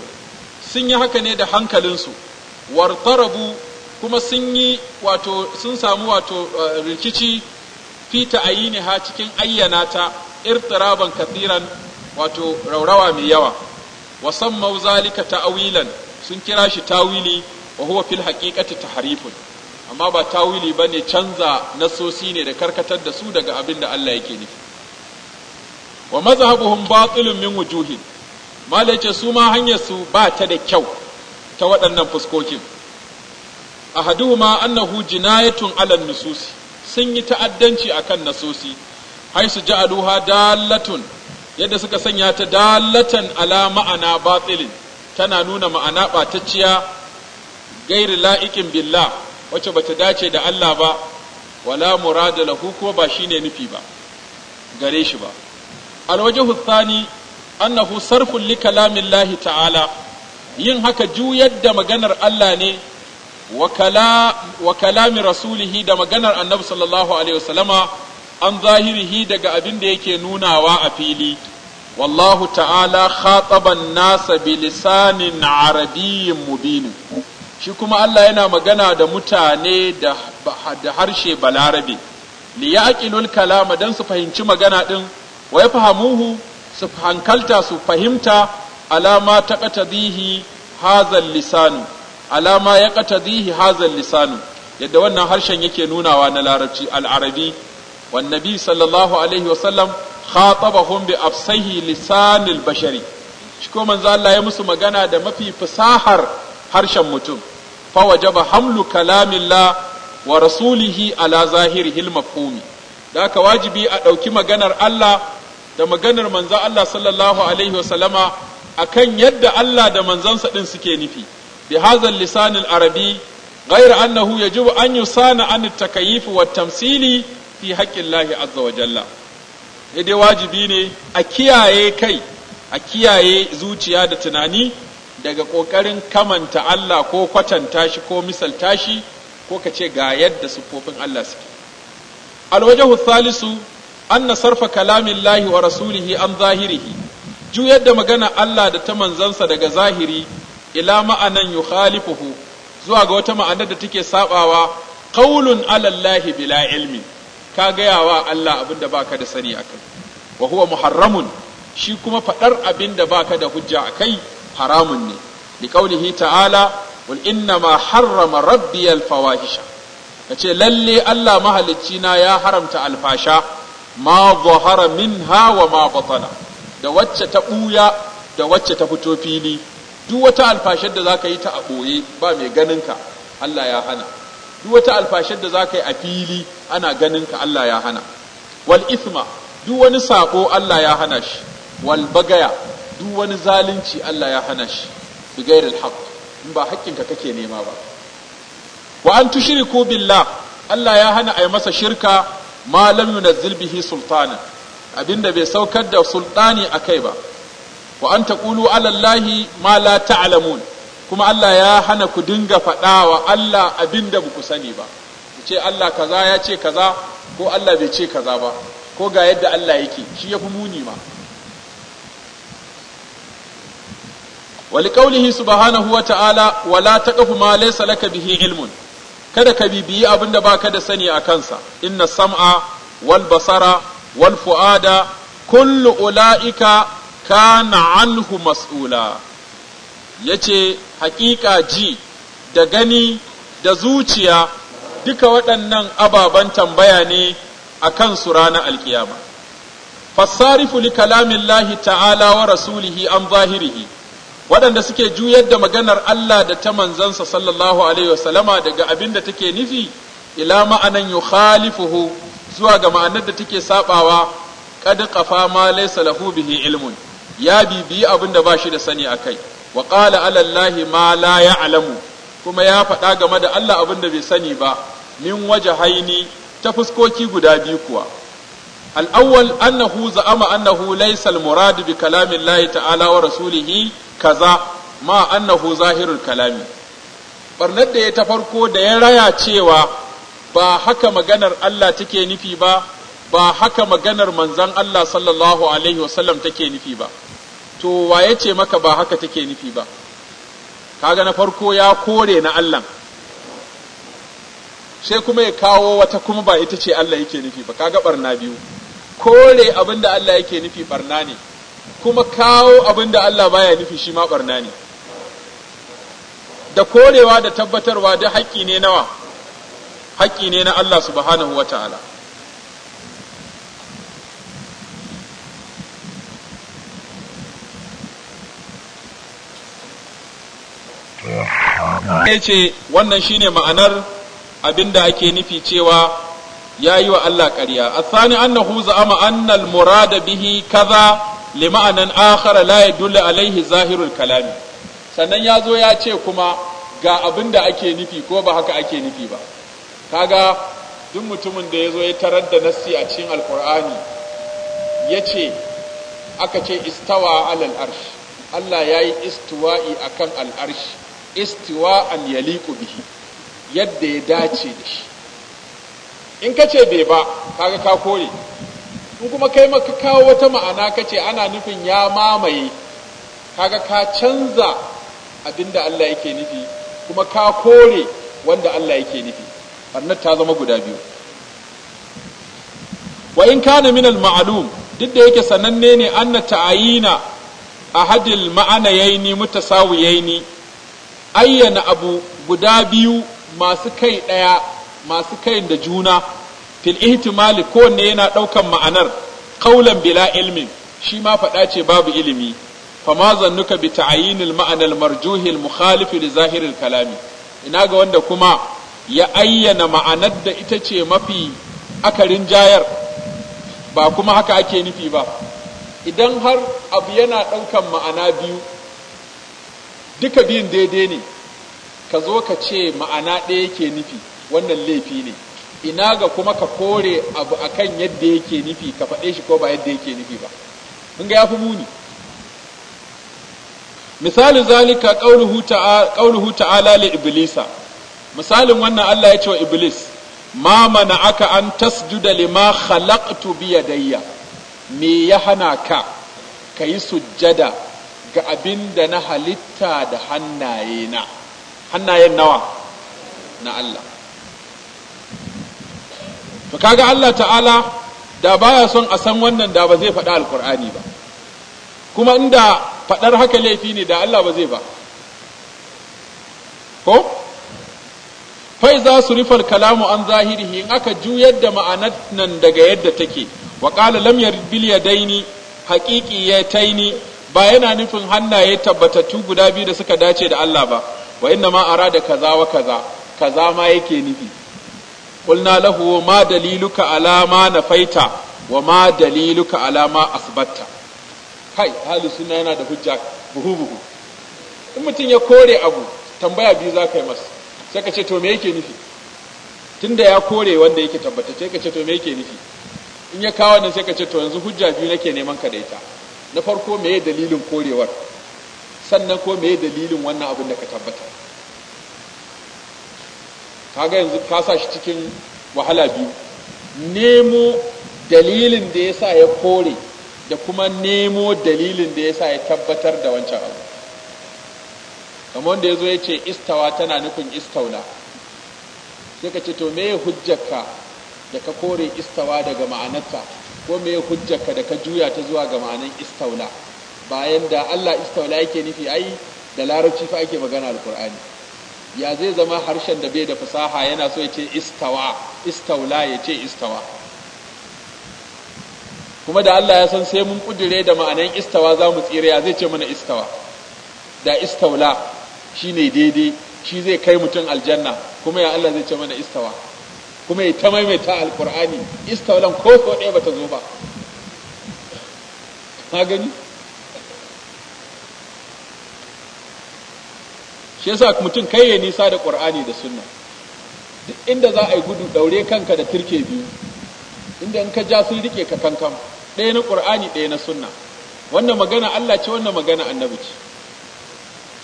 sun yi haka ne da hankalinsu wartarabu kuma sun yi wato sun samu wato eh, rikici fita ta'ayini ha cikin ayyana ta irtiraban kathiran wato raurawa mai yawa wa sammau zalika ta'awilan sun kira shi tawili wa huwa fil haqiqati tahrifun amma ba tawili ba ne canza nasosi ne da karkatar da su daga abin da Allah yake nufi wa mazhabuhum batilun min wujuhin malai ce su ma hanyar su ba ta da kyau ta waɗannan fuskokin ahaduhuma annahu jinayatun alal nususi sun yi ta'addanci akan nasosi haisu ja'aluha dalatun yadda suka sanya ta dalatan ala ma'ana batilin tana nuna ma'ana ɓatacciya gairi la'ikin billah wacce ta dace da Allah ba wala murada lahu kuma ba shine nufi ba gare shi ba alwajhu thani annahu sarfun li kalamillahi ta'ala yin haka juyar da maganar Allah ne wa kalami rasulihi da maganar annabi sallallahu alaihi wasallama an zahirihi daga abin da yake nunawa a fili wallahu ta'ala khataban nasa bilisanin arabiyyin mubinin shi kuma Allah yana magana da mutane da harshe balarabe li yaqilul kalama dan su fahimci magana din wa fahamuhu su hankalta su fahimta alama ta qatadihi hazal lisanu alama ya qatadihi hazal lisanu yadda wannan harshen yake nunawa na larabci al-arabi wan nabi sallallahu alaihi wasallam khatabahum bi afsahi lisanil bashari shi ko manzo Allah ya musu magana da mafi fasahar harshen mutum fa ba hamlu kalamilla wa rasulihi ala zahirihi al-mafhumi da aka wajibi a ɗauki maganar Allah da maganar manzon Allah sallallahu alaihi wasallama akan yadda Allah da manzansa din suke nufi bi hazal lisan al-arabi غير أنه يجب أن يصان عن التكييف والتمثيل في حق الله عز وجل dai wajibi ne a kiyaye kai a kiyaye zuciya da tunani daga ƙoƙarin kamanta Allah ko kwatanta shi ko misalta shi ko ka ce ga yadda siffofin Allah suke alwajahu thalisu na sarfa kalamin lahi wa rasulihi an zahirihi juyar da magana Allah da ta manzansa daga zahiri ila ma'anan yukhalifuhu zuwa ga wata ma'anar da take sabawa qaulun ala lahi bila ilmi ka gayawa Allah da baka da sani akai wa huwa muharramun shi kuma abin abinda baka da hujja akai haramun ne li qaulihi ta'ala wal inna ma harrama rabbi al fawahisha kace lalle Allah mahalicci na ya haramta alfasha ma zahara minha wa ma batana da wacce ta buya da wacce ta fito fili duk wata alfashar da zaka yi ta a boye ba mai ganin ka Allah ya hana duk wata alfashar da zaka yi a fili ana ganin ka Allah ya hana wal ithma duk wani sako Allah ya hana shi wal bagaya duk wani zalunci Allah ya hana shi gairi alhaq in ba hakkinka kake nema ba wa an tushriku billah Allah ya hana ai masa shirka ma lam yunzil bihi sultana abinda bai saukar da sultani akai ba wa an taqulu ala allahi ma la ta'lamun kuma Allah ya hana ku dinga faɗawa wa Allah abinda ba ku sani ba ku ce Allah kaza ya ce kaza ko Allah bai ce kaza ba ko ga yadda Allah yake shi yafi muni ma ولقوله سبحانه وتعالى ولا تقف ما ليس لك به علم kada ka bibiyi abin da baka da sani a kansa inna sam'a wal basara wal fuada kullu ulaika kana anhu mas'ula yace hakika ji da gani da zuciya duka waɗannan ababen tambaya ne a su ranar alkiyama fassarifu li kalamillahi ta'ala wa rasulihi an zahirihi waɗanda suke juyar da maganar Allah da ta manzansa sallallahu alaihi wasallama daga abin da take nufi ila ma'anan yukhalifuhu zuwa ga ma'anar da take sabawa qad qafa ma laysa lahu bihi ilmun ya bibiyi abin da shi da sani a wa waƙala alallahi ma la ya'lamu kuma ya faɗa game da Allah abin da bai sani ba min haini ta fuskoki guda biyu kuwa al annahu za'ama annahu laysa al-murad bi kalami ta'ala wa rasulihi kaza ma annahu zahirul kalami barnar da ya ta farko da ya raya cewa ba haka maganar Allah take nufi ba ba haka maganar manzan Allah sallallahu alaihi wasallam take nufi ba to waye ce maka ba haka take nufi ba kaga na farko ya kore na Allah sai kuma ya kawo wata kuma ba ita ce Allah yake nufi ba kaga barna biyu kore abinda Allah yake nufi barna ne kuma kawo abin da Allah baya nufi shi ma barna ne da korewa da tabbatarwa da haƙƙi ne nawa haƙƙi ne na Allah subhanahu wata'ala ya ce wannan shine ma'anar abinda ake nufi cewa ya yi wa Allah ƙarya a tsani annahu za'ama annal murada bihi kaza lima'anan akhara la yadullu alaihi zahirul kalami sannan ya zo ya ce kuma ga abinda da ake nufi ko ba haka ake nufi ba kaga duk mutumin da ya zo ya tarar da nassi a cikin alkur'ani ya ce aka ce istawa alal arsh Allah ya yi istiwa'i akan kan al'arshi istiwa an yaliqu bihi yadda ya dace da shi in ka ce bai ba kaga ka kore in kuma kai maka kawo wata ma'ana kace ana nufin ya mamaye kaga ka canza abinda Allah yake nufi kuma ka kore wanda Allah yake nufi annat ta zama guda biyu wa in kana min al ma'lum duk da yake sananne ne anna ta'ayina ahadil ma'anayaini mutasawiyaini ayyana abu guda biyu masu kai daya masu kai da juna fil ihtimali kowanne yana ɗaukan ma'anar kaulan bila ilmin shi ma faɗa ce babu ilimi fama zannuka bi ta'ayinil ma'anal marjuhil mukhalifi li zahiril kalami ina ga wanda kuma ya ayyana ma'anar da ita ce mafi akarin jayar ba kuma haka ake nufi ba idan har abu yana ɗaukan ma'ana biyu duka biyun daidai ne ka zo ka ce ma'ana ɗaya yake nufi wannan laifi ne ina ga kuma ka kore abu akan yadda yake nufi ka faɗe shi ko ba yadda yake nufi ba mun ga ya fi muni misali zalika qauluhu ta'ala li iblisa misalin wannan Allah ya ce wa iblis ma mana aka an tasjuda lima khalaqtu biya dayya me ya hana ka ka yi sujjada ga abin da na halitta da hannaye hannayen nawa na Allah to kaga Allah ta'ala da baya son a san wannan da ba zai faɗa alkur'ani ba kuma inda faɗar haka laifi ne da Allah ba zai ba ko fai za su rufar kalamu an zahirihi in aka juyar da ma'anar nan daga yadda take wa ƙala lam yarbil yadaini haƙiƙi ya taini ba yana nufin hannaye tabbatattu guda biyu da suka dace da Allah ba wa inna ma arada kaza wa kaza kaza ma yake nufi qulna lahu ma daliluka ala ma nafaita wa ma daliluka ala ma kai ahli yana da hujja buhu buhu in mutum ya kore abu tambaya biyu za ka yi sai ka ce to me yake nufi tunda ya kore wanda yake tabbatacce ka ce to me yake nufi in ya kawo nan sai ka ce to yanzu hujja biyu nake neman ka da na farko meye dalilin korewar sannan ko meye dalilin wannan abun da ka tabbata kaga yanzu ka sa shi cikin wahala biyu nemo dalilin da ya sa ya kore da kuma nemo dalilin da ya sa ya tabbatar da wancan abu kamar wanda ya zo ya ce istawa tana nufin istauna sai ka ce to me hujjarka da ka kore istawa daga ma'anarta ko me hujjarka da ka juya ta zuwa ga ma'anar istaula bayan da Allah istaula yake nufi ai da larabci fa ake magana alkur'ani ya zai zama harshen da bai da fasaha yana so ya ce istawa istaula ya ce istawa kuma da Allah ya san sai mun kudure da ma'anan istawa za mu tsira ya zai ce mana istawa da istaula shi ne daidai shi zai kai mutum aljanna kuma ya Allah zai ce mana istawa kuma ya ta maimaita alkur'ani istawlan ko ko ɗaya ba ta zo ba ka gani shi yasa mutum kai ya nisa da qur'ani da sunna duk inda za a yi gudu ɗaure kanka da turke biyu inda in ka ja sun rike ka kankan ɗaya na qur'ani ɗaya na sunna wannan magana Allah ce wannan magana annabi ce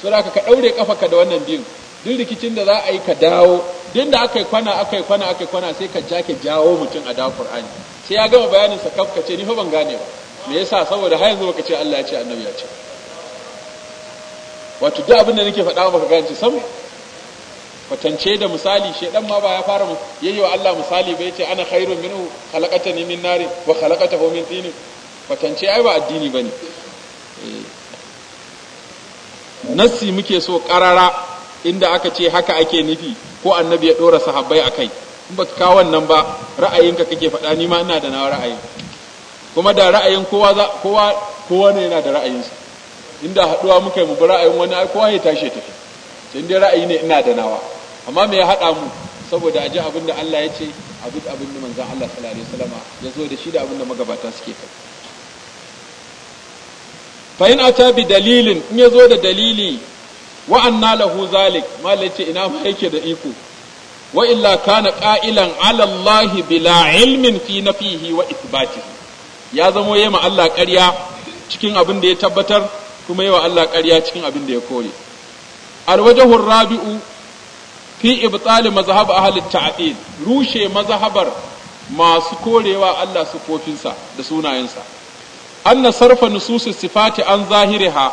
saboda ka daure ka da wannan biyu duk rikicin da za a yi ka dawo duk da aka yi kwana aka yi kwana aka yi kwana sai ka ja ka jawo mutum a dawo qur'ani sai ya gama bayanin sa kafka ce ni fa ban gane ba me yasa saboda har yanzu baka ce Allah ya ce annabi ya ce wato duk abin da nake faɗa ka gane sam kwatance da misali shedan ma ba ya fara mu yayi wa Allah misali ba ce ana min minhu khalaqatani min nari wa khalaqatahu min tin kwatance ai ba addini bane eh, nassi muke so karara inda aka ce haka ake nufi ko annabi ya dora sahabbai akai in baka kawo wannan ba ra'ayinka kake faɗa ni ma ina da nawa ra'ayi kuma da ra'ayin kowa kowa kowa ne yana da ra'ayinsa inda haduwa muka yi mu ra'ayin wani ai kowa ya tashi ya tafi sai dai ra'ayi ne ina da nawa amma me ya hada mu saboda aje abin da Allah ya ce abin abin da manzon Allah sallallahu alaihi wasallama ya zo da shi da abin da magabata suke kai fa in ata bi dalilin in ya zo da dalili wa anna lahu zalik malai ce ina ma yake da iko wa illa kana qa'ilan ala Allah bila ilmin fi nafihi wa ithbatihi ya zamo yema Allah ƙarya cikin abin da ya tabbatar kuma yawa Allah ƙarya cikin abin da ya kore Alwajahun rabi'u fi ibtal mazhab ahli ta'til rushe mazhabar masu korewa Allah sufofinsa da sunayensa anna sarfa nususu sifati an zahiri ha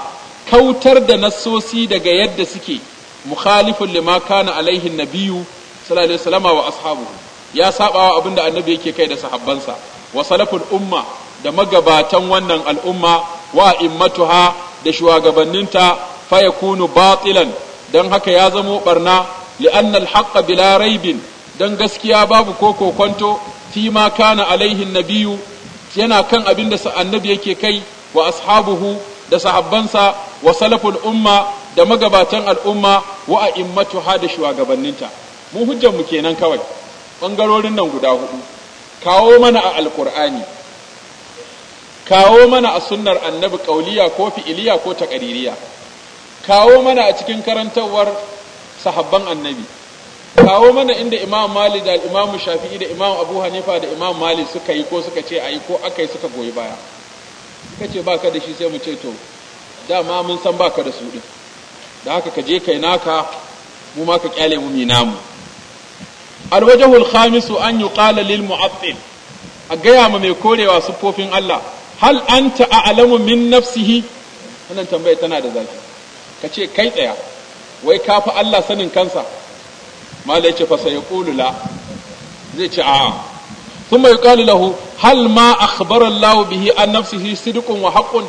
kautar da nassosi daga yadda suke mukhalifin lima kana alaihin nabiyyu sallallahu alaihi wa ya sabawa abinda annabi yake kai da sahabbansa wa salaful umma da magabatan wannan al'umma wa immatuha da shugabanninta fa kunu batilan dan haka ya zamo barna li'anna al-haqqa bila raibin don gaskiya babu ko kokonto fi ma kana alaihi nabiyu yana kan abinda da annabi yake kai wa ashabuhu da sahabbansa wa salaful umma da magabatan al'umma wa a'immatu da shugabanninta mu hujjar mu kenan kawai bangarorin nan guda hudu kawo mana a alqur'ani kawo mana a sunnar annabi kauliya ko fi'iliya ko taqaririya kawo mana a cikin karantawar sahabban annabi kawo mana inda imam mali da imam shafi'i da imam abu hanifa da imam mali suka yi ko suka ce a yi ko aka yi suka goyi baya suka ce baka da shi sai mu ce to dama mun san baka da su din da haka ka je kai naka mu ma ka kyale mu namu alwajahul khamisu an yuqala lil mu'attil a gaya ma mai korewa siffofin Allah hal anta a'lamu min nafsihi wannan tambaya tana da zafi Ka ce kai tsaya wai ka fi Allah sanin kansa mala yace fa sayqulu la zai ce a'a mai ƙali lahu hal ma khabarar lawo bihi an nafsihi sidikun wa haqqun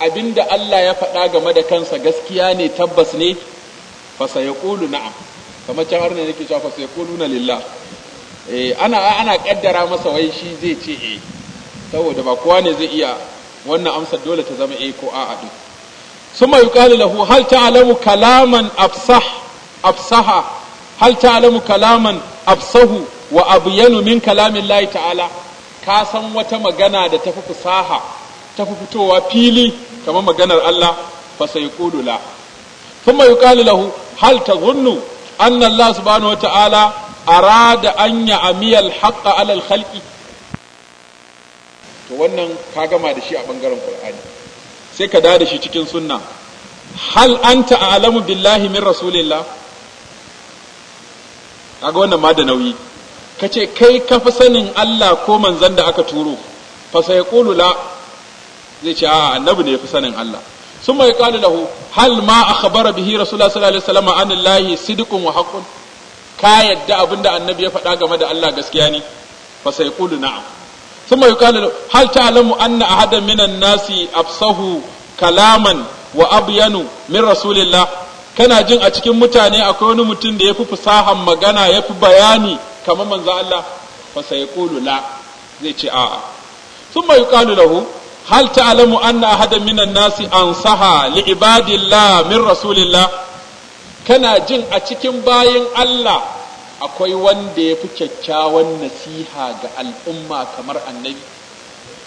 abinda Allah ya faɗa game da kansa gaskiya ne tabbas ne ya ƙulu na'am kamar can har ne nake cewa fa sayquluna lillah eh ana ana kaddara masa wai shi zai ce eh saboda ba kowa ne zai iya wannan amsar dole ta zama eko ko a'a din summa yuqalu lahu hal ta'lamu kalaman afsaha hal ta'lamu kalaman afsahu wa yanu min kalamin lahi ta'ala ka san wata magana da tafi fusaha tafi fitowa fili kamar maganar Allah fa sai yaqulu la summa yuqalu lahu hal tadhunnu anna Allah subhanahu wa ta'ala arada an ya'miyal haqqa 'ala alal khalqi to wannan ka gama da shi a bangaren qur'ani sai ka da shi cikin sunna hal anta a'lamu billahi min rasulillah kaga wannan ma da nauyi kace kai ka fi sanin Allah ko manzon da aka turo fa sai qulu la zai ce a'a annabi ne ya fi sanin Allah ثم يقال له هل ما أخبر bihi رسول sallallahu صلى الله عليه وسلم عن wa صدق وحق ka yadda abin annabi ya faɗa game da Allah gaskiya ne fa sai kulu na'am ثم يقال له هل تعلم أن أحدا من الناس أفصه كلاما وأبين من رسول الله kana jin a cikin mutane akwai wani mutum da ya fi fasahan magana ya fi bayani kamar manzo Allah fa sai yaqulu la zai ce a'a thumma yuqalu lahu hal ta'lamu anna ahada minan nasi ansaha li ibadillah min rasulillah kana jin a cikin bayin Allah akwai wanda ya fi kyakkyawan nasiha ga al'umma kamar annabi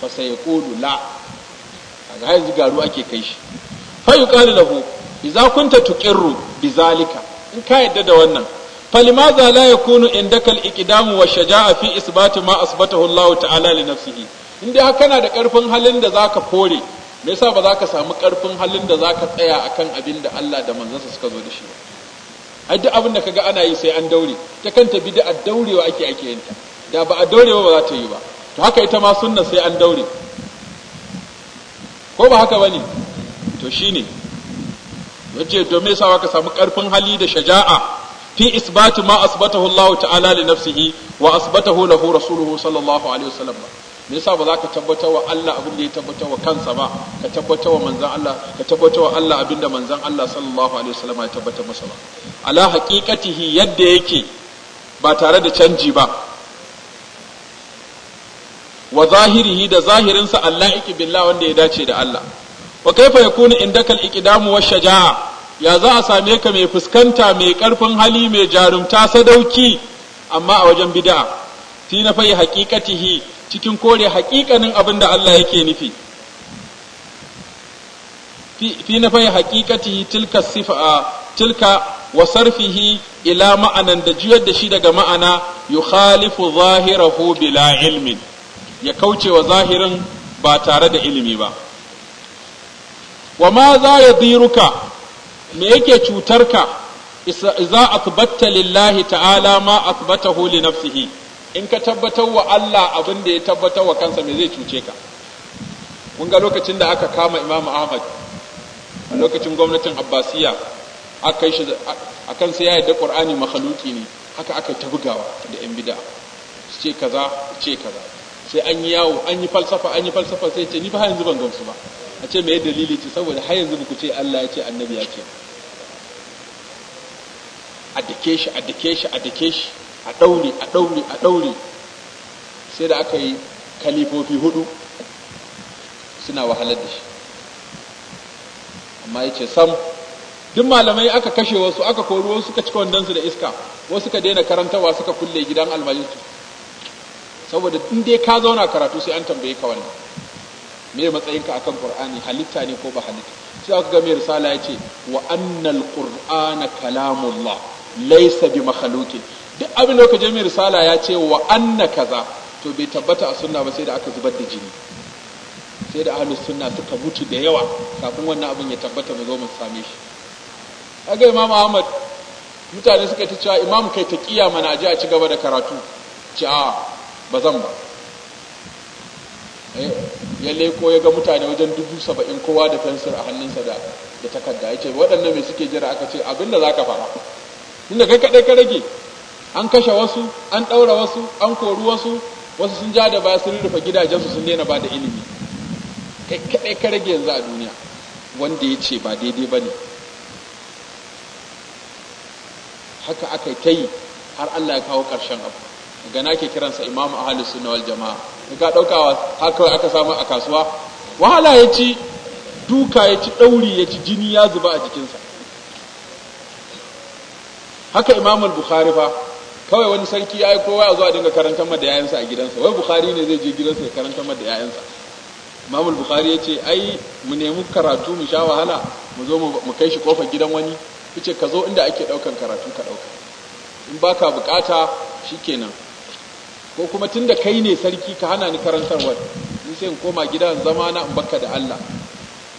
fa sai ya ƙulu la a ga yanzu garu ake kai shi fa yi ƙari lahu iza kunta tuƙirru bi zalika in ka yadda da wannan فلماذا لا يكون wa shaja'a fi isbati ma asbata اثبته ta'ala li nafsihi in dai na da karfin halin da zaka kore me yasa ba ka samu karfin halin da zaka tsaya akan abin da Allah da manzansa suka zo da shi ba ai duk abin da kaga ana yi sai an daure ta kanta bid'a daurewa ake ake yin ta da ba a daurewa ba za ta yi ba to haka ita ma sunna sai an daure ko ba haka bane to shine yace to me yasa ka samu karfin hali da shaja'a fi isbati ma asbatahu Allah ta'ala li nafsihi wa asbatahu lahu rasuluhu sallallahu alaihi wasallam me yasa ba za ka tabbatar wa Allah abin da ya tabbatar wa kansa ba ka tabbatar wa manzon Allah ka tabbatar wa Allah abin da manzon Allah sallallahu alaihi wasallam ya tabbatar masa ba ala haƙiƙatihi yadda yake ba tare da canji ba wa zahirihi da zahirinsa Allah iki billah wanda ya dace da Allah wa kaifa yakunu indakal iqdamu wa shaja'a ya za a same ka mai fuskanta mai karfin hali mai jarumta sadauki amma a wajen bid'a fi na fayi haqiqatihi cikin kore haƙiƙanin abin da Allah yake nufi fi na fayi haqiqatihi tilka sifa tilka wa sarfihi ila ma'anan da juyar da shi daga ma'ana yukhalifu zahirahu bila ilmin ya kauce wa zahirin ba tare da ilimi ba wa ma za ya diruka me yake cutarka iza akbatta lillahi ta'ala ma akbatahu li nafsihi in ka tabbatar wa Allah abin da ya tabbatar wa kansa me zai cuce ka kun ga lokacin da aka kama Imam Ahmad a lokacin gwamnatin Abbasiyya aka shi akan sai ya yadda qur'ani makhluki ne haka aka ta bugawa da yan bid'a su ce kaza su ce kaza sai an yi yawo an yi falsafa an yi falsafa sai ce ni ba yanzu ban gamsu ba a ce mai dalili ce saboda har yanzu ku ce Allah ya ce annabi ya ce a dake shi a dake shi a dake shi a daure a daure a daure sai da aka yi kalifofi hudu suna wahalar da shi amma ya sam duk malamai aka kashe wasu aka kori wasu suka cika su da iska wasu suka daina karantarwa suka kulle gidan almajirci saboda in dai ka zauna karatu sai an tambaye ka wannan me matsayinka akan qur'ani halitta ne ko ba halitta sai aka ga mai risala ya ce wa annal qur'ana kalamullah laysa bi makhluqin duk abin da kaje mai risala ya ce wa anna kaza to bai tabbata a sunna ba sai da aka zubar da jini sai da ahlus sunna suka mutu da yawa kafin wannan abin ya tabbata mu zo mu same shi kaga imam ahmad mutane suka ta cewa imam kai ta kiya mana a ci gaba da karatu ci a ba zan ba eh, ya leko ya ga mutane wajen dubu saba'in kowa da fensir a hannunsa da da takarda ya ce waɗannan mai suke jira aka ce abinda da za ka fara inda kai kaɗai ka rage an kashe wasu an ɗaura wasu an kori wasu wasu sun ja da baya sun rufe gidajensu sun daina ba da ilimi kai kaɗai ka rage yanzu a duniya wanda ya ce ba daidai ba ne haka aka ta yi har Allah ya kawo ƙarshen abu daga na ke kiransa imamu halin sunna wal jama'a daga ɗaukawa haka aka samu a kasuwa wahala ya ci duka ya ci ɗauri ya ci jini ya zuba a jikinsa haka imamul bukhari fa kawai wani sarki ya yi kowa ya zo dinga karantar ma da yayansa a gidansa wai bukhari ne zai je gidansa ya karantar ma da yayansa imamul bukhari ya ce ai mu nemi karatu mu sha wahala mu zo mu kai shi kofar gidan wani ce ka zo inda ake daukan karatu ka dauka in baka bukata shikenan ko kuma tunda kai ne sarki ka hana ni karantarwar ni sai in koma gida in zama na in baka da Allah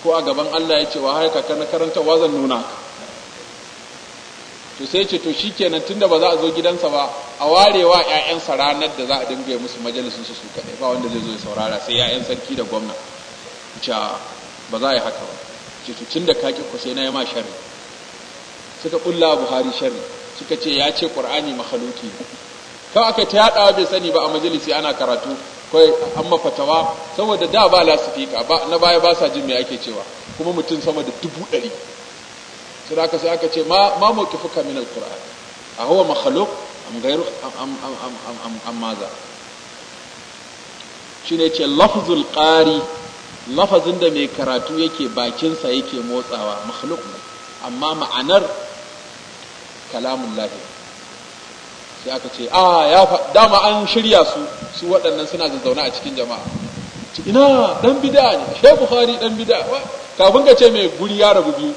ko a gaban Allah yace wa har ka na karantarwa zan nuna ka to sai ce to shikenan tunda ba za a zo gidansa ba a warewa ƴaƴansa ranar da za a dinga musu majalisun su su kadai ba wanda zai zo ya saurara sai ƴaƴan sarki da gwamna ce ba za a yi haka ba ce to tunda ka ki ku sai na yi ma sharri suka kulla buhari sharri suka ce ya ce qur'ani mahaluki kawai aka ta yadawa bai sani ba a majalisi ana karatu kawai amma fatawa saboda da ba lasifika ba na baya ba sa jin me ake cewa kuma mutum sama da dubu ɗari sai aka sai aka ce ma ma mawqifuka min alquran a huwa mahaluk am ghayru am am am am ce lafzul qari lafazin da mai karatu yake bakinsa yake motsawa makhluk amma ma'anar kalamun lahi sai aka ce a ah, ya dama an shirya su su waɗannan suna zazzauna a cikin jama'a ina ɗan bid'a ne she buhari ɗan bid'a kafin ka ce mai guri ya rabu biyu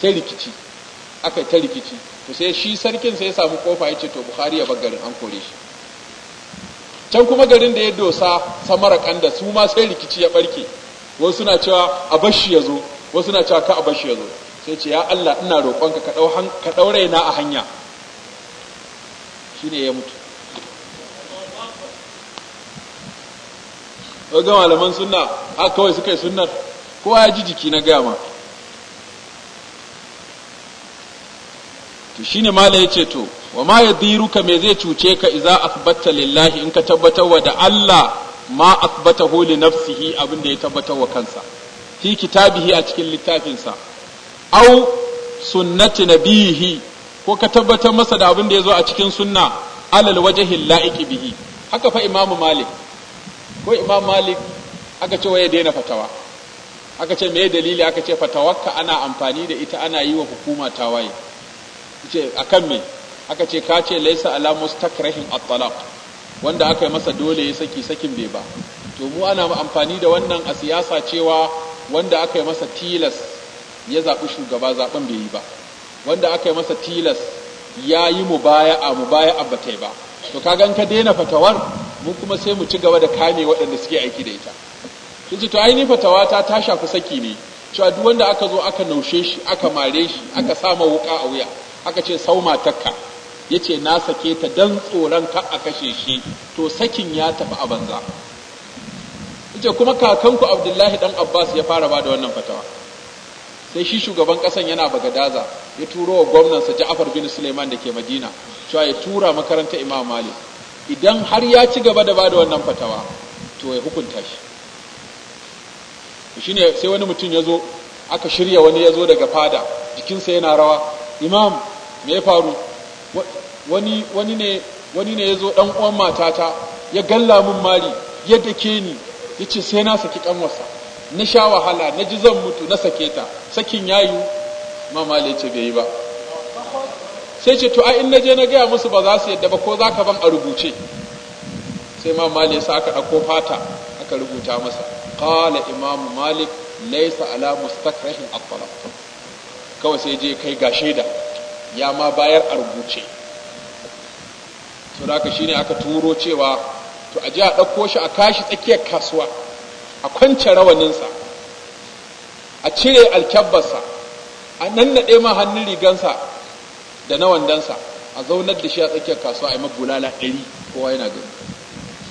sai rikici aka ta rikici to sai shi sarkin sai ya samu kofa ya ce to buhari ya bar garin an kore shi can kuma garin da ya dosa samara kanda su ma sai rikici ya barke wasu na cewa a bashi ya zo wasu na cewa ka a bashi ya zo sai ce ya Allah ina roƙonka ka ɗaure na a hanya shine ya mutu ga malaman sunna a kawai suka yi sunnar kowa ya ji jiki na gama to shine mala ce to wa ma ka me zai cuce ka iza athbatta lillahi in ka tabbatar wa da Allah ma athbatahu holi nafsihi abin da ya tabbatar wa kansa fi kitabihi a cikin littafinsa au sunnati nabihi ko ka tabbatar masa da abin da ya zo a cikin sunna alal wajhi la'iki bihi haka fa imamu malik ko imam malik aka ce waye daina fatawa aka ce me dalili aka ce fatawakka ana amfani da ita ana yi wa hukuma tawaye ce akan me aka ce ka ce laisa ala mustakrahin at-talaq wanda aka yi masa dole ya saki sakin bai ba to mu ana amfani da wannan a siyasa cewa wanda aka yi masa tilas ya zaɓi shugaba zaɓen bai yi ba wanda aka yi masa tilas ya yi mu a mu baya a batai ba to ka gan ka daina fatawar mu kuma sai mu ci gaba da kame waɗanda suke aiki da ita sun ce to ainihin fatawa ta ta shafi saki ne cewa duk wanda aka zo aka naushe shi aka mare shi aka sama wuka a wuya aka ce sau matakka ya ce na sake ta don tsoron ka a kashe shi to sakin ya tafi a banza ce kuma kakanku abdullahi dan abbas ya fara ba da wannan fatawa sai shi shugaban kasan yana bagadaza ya turo wa gwamnansa ja'afar bin suleiman da ke madina cewa ya tura makaranta imam malik idan har ya ci gaba da bada wannan fatawa to ya hukunta shi shine sai wani mutum ya zo aka shirya wani ya zo daga fada jikinsa yana rawa imam me ya faru wani wani ne wani ne ya zo ɗan uwan matata ya galla min mali ya dake ni ya ce sai na saki ƙanwarsa na sha wahala na ji zan mutu na sake ta sakin yayu mamale ce bai yi ba sai ce to a in na je na gaya musu ba za su yadda ba ko za ka ban a rubuce sai ma malik sa aka ɗauko fata aka rubuta masa qala imam malik laysa ala mustakrahin at kawai sai je kai ga shaida ya ma bayar a rubuce to haka shine aka turo cewa to a je a ɗauko shi a kashi tsakiyar kasuwa a kwance rawaninsa a cire alkyabbarsa a nannaɗe ma hannun rigansa da na wandansa a zaunar da shi a tsakiyar kasuwa a yi magulala ɗari kowa yana gani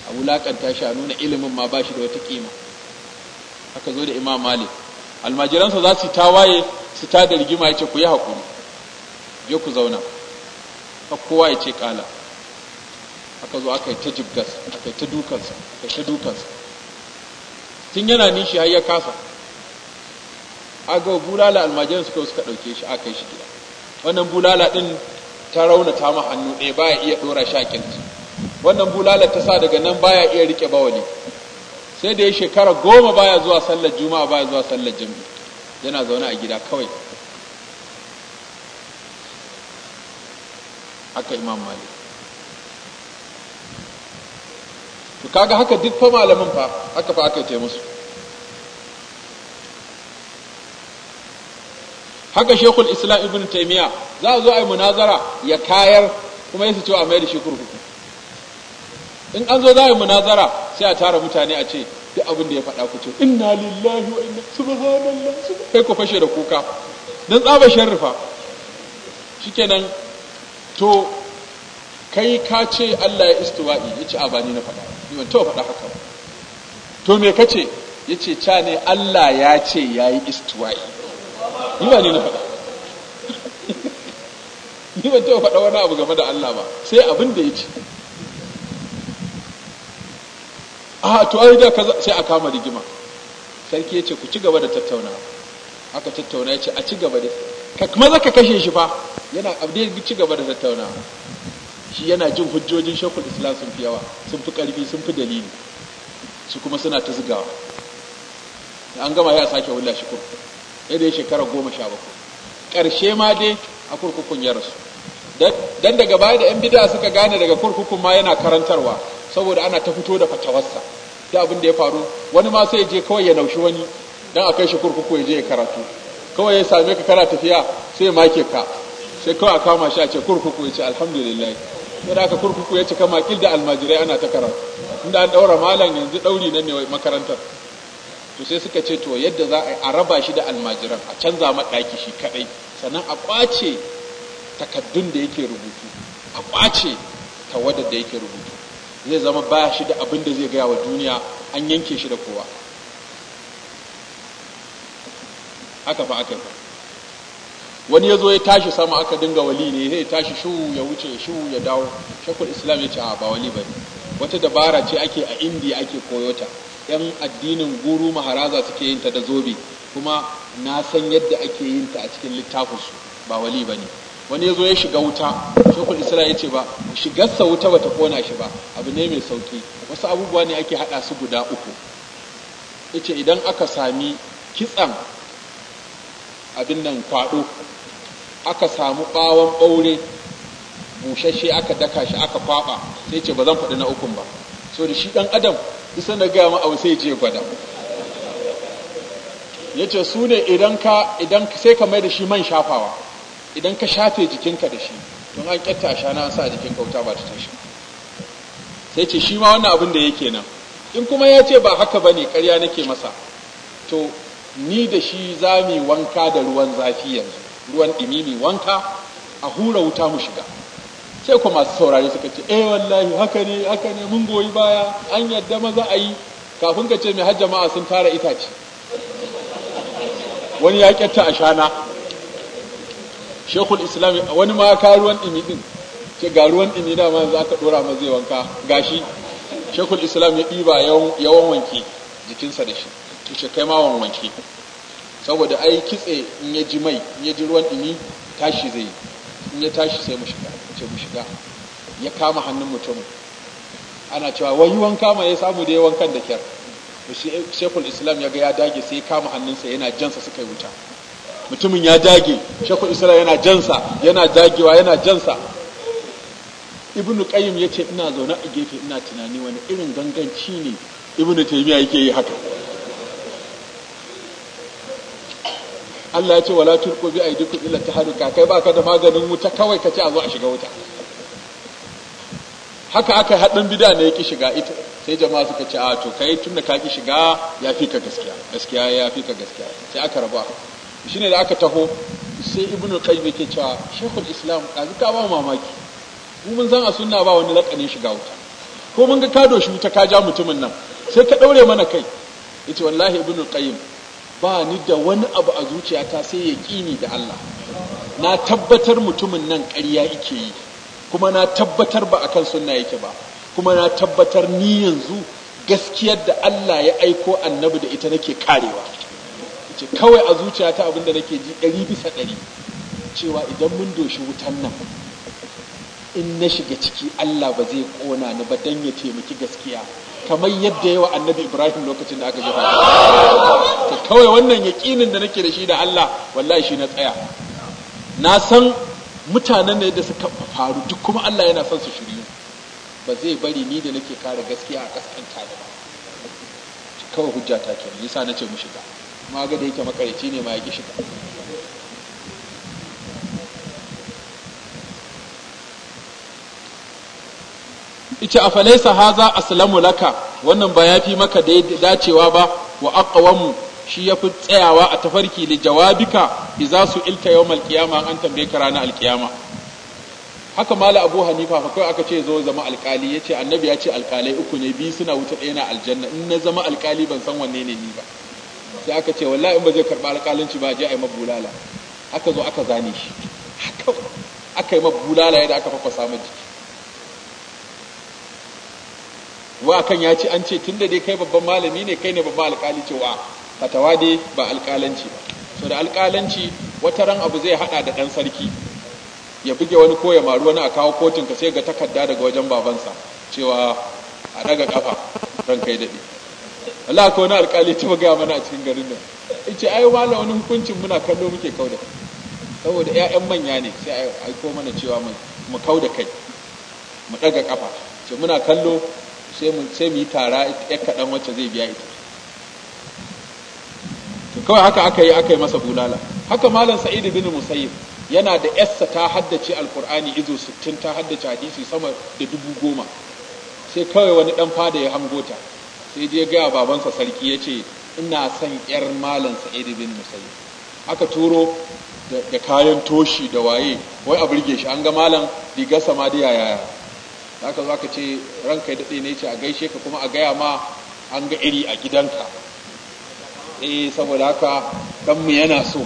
a wulaƙanta shi a nuna ilimin ma ba shi da wata ƙima aka zo da imam malik almajiransa za su tawaye su ta da rigima ya ce ku yi haƙuri je ku zauna kowa ya ce ƙala aka zo aka yi ta jibgas aka yi ta dukansa aka yi ta dukansa tun yana nishi har ya kasa ga bulala almajiyar suka suka ɗauke shi aka shi gida wannan bulala ɗin ta rauna ta ma hannu ɗaya baya iya ɗora shakin wannan bulala ta sa daga nan baya iya riƙe bawali sai da ya shekara goma baya zuwa sallar juma'a baya zuwa sallar jami'i yana zaune a gida kawai haka imam malik to kaga haka duk fa malamin fa haka fa aka yi musu haka shekul islam ibn taimiya za a zo a yi munazara ya kayar kuma ya cewa a mai da shekuru kurkuku in an zo za a yi munazara sai a tara mutane a ce duk abin da ya faɗa ku ce inna lillahi wa inna subhanallah kai ku fashe da kuka dan tsaba sharrifa shikenan to kai ka ce Allah ya istiwa'i yace a bani na faɗa ban taɓa faɗa haka ba to me ka ya yace ca ne Allah ya ce ya yi istuwa'i ni ba ni na faɗa ni ban taɓa faɗa wani abu game da Allah ba sai abin da ya ce a to ai da kaza sai a kama rigima sarki yace ku ci gaba da tattauna aka tattauna yace a ci gaba da kuma zaka kashe shi fa yana abdai ci gaba da tattauna. shi yana jin hujjojin shakul islam sun fi yawa sun fi karfi sun fi dalili su kuma suna ta zigawa da an gama ya sake wula shi kurkuku yadda ya shekara goma sha bakwai ƙarshe ma dai a kurkukun ya rasu Don daga baya da yan bida suka gane daga kurkukun ma yana karantarwa saboda ana ta fito da fatawarsa da abin da ya faru wani ma sai je kawai ya naushi wani don a kai shi kurkuku ya je ya karatu kawai ya same ka kana tafiya sai make ka sai kawai a kama shi a ce kurkuku ya ce alhamdulillah sai aka kurkuku ya cika makil da almajirai ana ta karatu inda an daura malam yanzu dauri nan ne makarantar to sai suka ce to yadda za a a raba shi da almajiran a canza maɗaki shi kaɗai sannan a ƙwace takaddun da yake rubutu a ƙwace tawadar da yake rubutu zai zama ba shi da abin da zai gaya wa duniya an yanke shi da kowa haka fa aka yi wani ya zo ya tashi sama aka dinga wali ne zai tashi shu ya wuce shu ya dawo shakul islam ya ce a ah, ba wali bane wata dabara ce ake a indiya ake koyota yan addinin guru maharaza suke yin ta da zobe kuma na san yadda ake yin ta a cikin littafinsu ba wali bane wani ya zo ya shiga wuta shekul islam ya ce ba shigarsa wuta bata kona shi ba abu ne mai sauki wasu abubuwa ne ake hada su guda uku ya ce idan aka sami kitsan abin nan kwaɗo aka samu bawon ɓaure bushashe aka daka shi aka kwaba sai ce ba zan faɗi na ukun ba so da shi ɗan adam isa na gaya ma abu sai je gwada ya ce su ne idan ka idan sai ka mai da shi man shafawa idan ka shafe jikinka da shi don an kyatta sha an sa jikin kauta ba ta tashi sai ce shi ma wannan abin da yake nan in kuma ya ce ba haka ba ne ƙarya nake masa to ni da shi za mu wanka da ruwan zafi yanzu ruwan mai wanka a hura wuta mu shiga sai kuma masu saurari suka ce eh wallahi haka ne haka ne mun goyi baya an yadda maza a yi kafin ka ce mai hajji ma'a sun tara itace wani ya kyatta a shana shekul islam wani ma ka ruwan ɗimi ɗin ce ga ruwan ɗimi dama za ka ɗora ma zai wanka shi shekul islam ya ɗiba yawan wanke jikinsa da shi to ce kai ma wanke saboda ai kitse in ya ji mai in ya ji ruwan dumi tashi zai in ya tashi sai mu shiga ce mu shiga ya kama hannun mutumin ana cewa wai wanka kama ya samu da yawan kan da kyar shekul islam ya ga ya dage sai ya kama hannunsa yana jansa suka yi wuta mutumin ya dage shekul islam yana jansa yana dagewa yana jansa ibnu qayyim yace ina zaune a gefe ina tunani wani irin ganganci ne ibnu taymiya yake yi haka Allah ya ce wala turku bi aidikum illa tahaduka kai baka da maganin wuta kawai kace a zo a shiga wuta haka aka haɗin bida ne yake shiga ita sai jama'a suka ce a to kai tunda ka ki shiga ya fi ka gaskiya gaskiya ya fi ka gaskiya sai aka raba shine da aka taho sai ibnu qayyim yake cewa shaykhul islam kaji ka ba mamaki mu mun san a sunna ba wani lakanin shiga wuta ko mun ga ka doshi wuta ka ja mutumin nan sai ka daure mana kai yace wallahi ibnu qayyim ba ni da wani abu a zuciyata sai ya ƙini da Allah na tabbatar mutumin nan ƙarya yake yi kuma na tabbatar ba a kan sunna yake ba kuma na tabbatar ni yanzu gaskiyar da Allah ya aiko annabi da ita nake karewa kawai a zuciyata abinda nake ji ɗari bisa ɗari cewa idan mun doshi wutan nan in na shiga ciki Allah ba zai ƙona ni ba don ya taimaki gaskiya kamar yadda yawa annabi Ibrahim lokacin da aka jefa ta kawai wannan yaƙinin da nake da shi da Allah wallahi shi na tsaya na san mutanen ne da suka faru duk kuma Allah yana son su shirya ba zai bari ni da nake kare gaskiya a kaskanta ba kawai hujja ta kenan yasa nace mu shiga amma ga da yake makareci ne ma ya ki shiga ice a falaisa haza aslamu laka wannan ba ya fi maka da dacewa ba wa aqwamu shi ya fi tsayawa a tafarki da jawabika za su ilka yau malkiyama an tambaye ka ranar alkiyama. haka mala abu hanifa fa kai aka ce zo zama alkali yace annabi ya ce alkalai uku ne bi suna wuta ɗaya na aljanna in na zama alkali ban san wanne ne ni ba sai aka ce wallahi in ba zai karba alkalanci ba je ai mabulala aka zo aka zane shi aka yi mabulala yadda aka fafa samun jiki wa kan ya ce an ce tun da dai kai babban malami ne kai ne babban alƙali wa fatawa dai ba alƙalanci ba so da alƙalanci wata ran abu zai hada da ɗan sarki ya buge wani ko ya maru wani a kawo kotun ka sai ga takarda daga wajen babansa cewa a daga kafa ran kai daɗe Allah ko wani alƙali ta buga mana a cikin garin nan ce ai wala wani hukuncin muna kallo muke kauda saboda ƴaƴan manya ne sai ai ko mana cewa mu kauda kai mu daga kafa ce muna kallo sai mu ce mu yi tara ya kaɗan wacce zai biya ita to kawai haka aka yi aka yi masa bulala haka malam sa'id bin musayyib yana da 'yarsa ta haddace alkur'ani izo 60 ta haddace hadisi sama da dubu goma sai kawai wani ɗan fada ya hango ta sai je ga babansa sarki ya ce ina son yar malam sa'id bin musayyib aka turo da kayan toshi da waye wai a burge shi an ga malam rigar samariya da yaya aka zo ce ranka ya daɗe ne ce a gaishe ka kuma a gaya ma an ga iri a gidanka e saboda haka ɗanmu yana so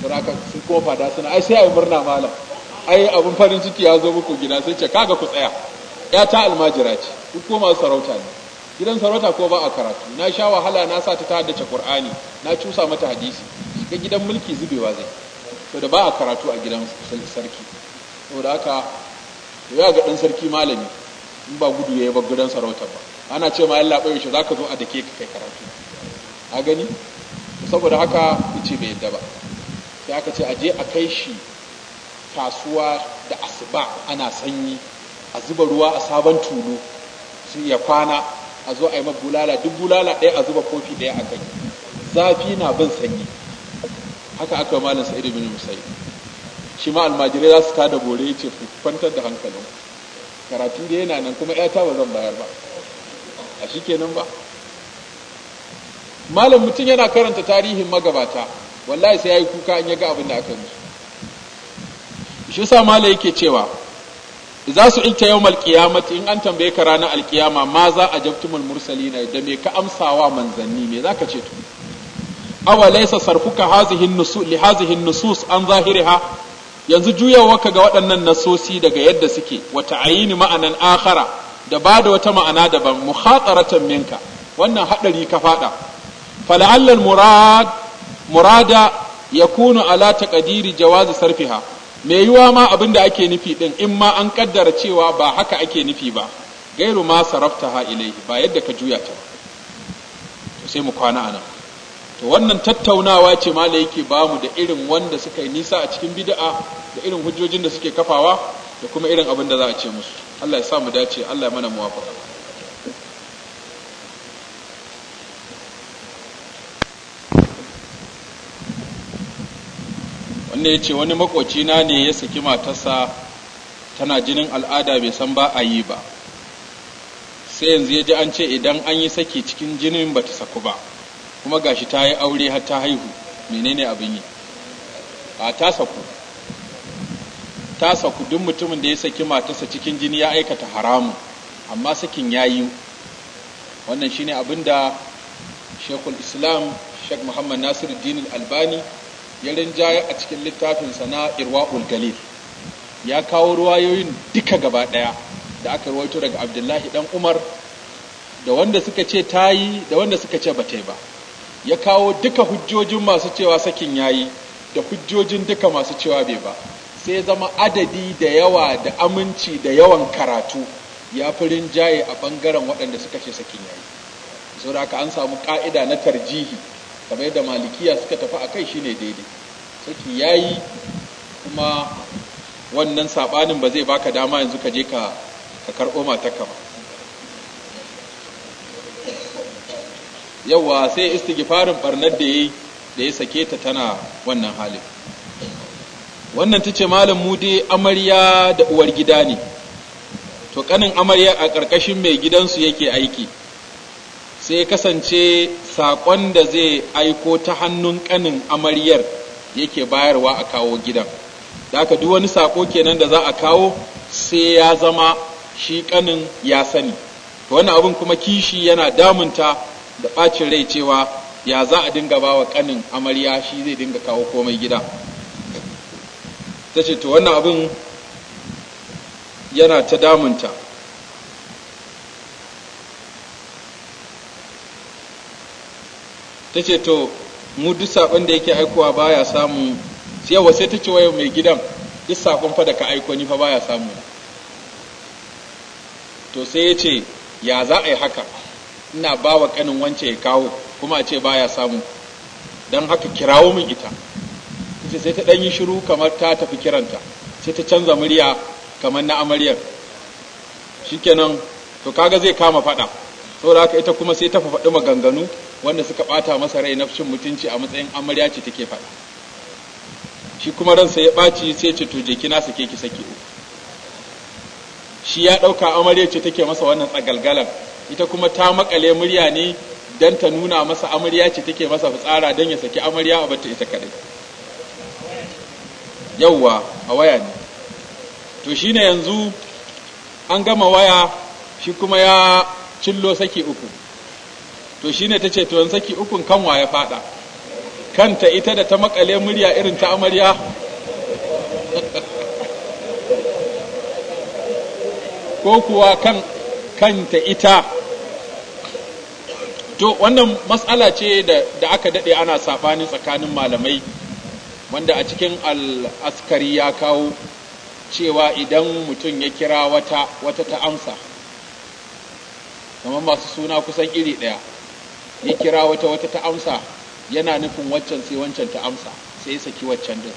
sun haka sun kofa da suna ai sai a yi murna malam ai abin farin ciki ya zo muku gida sai ce kaga ku tsaya ya ta almajira ce ku koma sarauta ne gidan sarauta ko ba a karatu na sha wahala na sa ta ta haddace qur'ani na cusa mata hadisi shiga gidan mulki zubewa zai to da ba a karatu a gidan sarki saboda haka ya ga ɗan sarki malami in ba gudu ya yi ba gudan sarauta ba ana ce ma yalla ɓoye shi ka zo a dake ka kai karatu a gani saboda haka ce bai yadda ba sai aka ce aje a kai shi kasuwa da asuba ana sanyi a zuba ruwa a sabon tulu su ya kwana a zo a yi bulala duk bulala ɗaya a zuba kofi ɗaya a kai zafi na bin sanyi haka aka yi malin Sa'idu bin musayi shi ma almajirai za su ta da bore ya ce kwantar da hankalin karatu da yana nan kuma yata ba zan bayar ba a shi kenan ba malam mutum yana karanta tarihin magabata wallahi sai ya yi kuka in ya ga abin da aka yi. shi sa malam yake cewa za su ilta yau malkiyamati in an tambaye ka ranar alkiyama ma za a jabtumul na da mai ka amsa wa manzanni me za ka ce tu? awa laisa sarfuka hazihin nusus an zahiri ha? yanzu juyawarka ga waɗannan nasosi daga yadda suke wata ayini ma'anan akhara da ba da wata ma'ana daban muhatsaratan minka wannan haɗari ka faɗa fala'allar murada ya kunu ala ƙadiri jawazi sarfiha mai yiwa ma abin da ake nufi ɗin in ma an ƙaddara cewa ba haka ake nufi ba gairu ma saraftaha ilaihi ba yadda ka juya ta sai mu kwana a nan. to wannan tattaunawa ce mala yake bamu da irin wanda suka yi nisa a cikin bid'a da irin hujjojin da suke kafawa da kuma irin abin da za a ce musu Allah ya sa mu dace Allah ya mana muwafaqa wannan ya wani makoci na ne ya saki matarsa tana jinin al'ada bai san ba a yi ba sai yanzu ya ji an ce idan an yi saki cikin jinin ba ta saku ba kuma gashi ta yi aure har ta haihu menene abin yi a ta saku ta saku duk mutumin da ya saki matarsa cikin jini ya aikata haramun amma sakin ya yi wannan shine abin da shekul islam shek muhammad nasiru dinin albani ya rinjaye a cikin littafin sana irwa galil ya kawo ruwayoyin duka gaba daya da aka rawaito daga abdullahi dan umar da wanda suka ce ta yi da wanda suka ce ba ta yi ba ya kawo duka hujjojin masu cewa sakin yayi da hujjojin duka masu cewa bai ba sai zama adadi da yawa da aminci da yawan karatu ya fi rinjaye a ɓangaren waɗanda suka ce sakin yayi so da aka an samu ka'ida na tarjihi kamar yadda malikiya suka tafi a kai shine daidai saki yayi kuma wannan saɓanin ba zai baka dama yanzu ka je ka karɓo matarka ba yawa sai istighfarin barnar da yayi da ya sake ta tana wannan halin wannan ta ce malam mude amarya da uwar gida ne to kanin amarya a ƙarƙashin mai gidansu yake aiki sai kasance saƙon da zai aiko ta hannun kanin amaryar yake bayarwa a kawo gidan da aka duk wani sako kenan da za a kawo sai ya zama shi kanin ya sani to wani abin kuma kishi yana damunta da ɓacin rai cewa ya za a dinga ba wa ƙanin amarya shi zai dinga kawo komai gida ta ce to wannan abin yana ta damunta ta ce to mu duk saƙon da yake aikowa baya samu yawa sai ta ce wayo mai gidan duk saƙon fa da ka aiko ni fa ya samu to sai ya ce ya za a yi haka ina ba wa kanin wance ya kawo kuma a ce ba ya samu don haka kirawo min ita ita sai ta ɗan yi shiru kamar ta tafi kiranta sai ta canza murya kamar na amaryar shikenan to kaga zai kama faɗa saboda haka ita kuma sai ta faɗi maganganu wanda suka ɓata masa rai nafshin mutunci a matsayin amarya ce take faɗa shi kuma ransa ya ɓaci sai ce to jeki na sake ki sake shi ya ɗauka amarya ce take masa wannan tsagalgalar ita kuma ta makale murya ne don ta nuna masa amarya ce take masa fitsara don ya saki amarya a bata ita kadai yauwa a waya ne to shine yanzu an gama waya shi kuma ya cillo saki uku to shine ta ce tuwon saki ukun kanwa ya fada kanta ita da ta makale murya irin ta amarya ko kuwa kan kanta ita to wannan matsala ce da aka daɗe ana saɓani tsakanin malamai wanda a cikin al'askari ya kawo cewa idan mutum ya kira wata wata ta amsa kamar masu suna kusan iri ɗaya ya kira wata wata ta amsa yana nufin waccan sai wancan ta amsa sai ya saki waccan din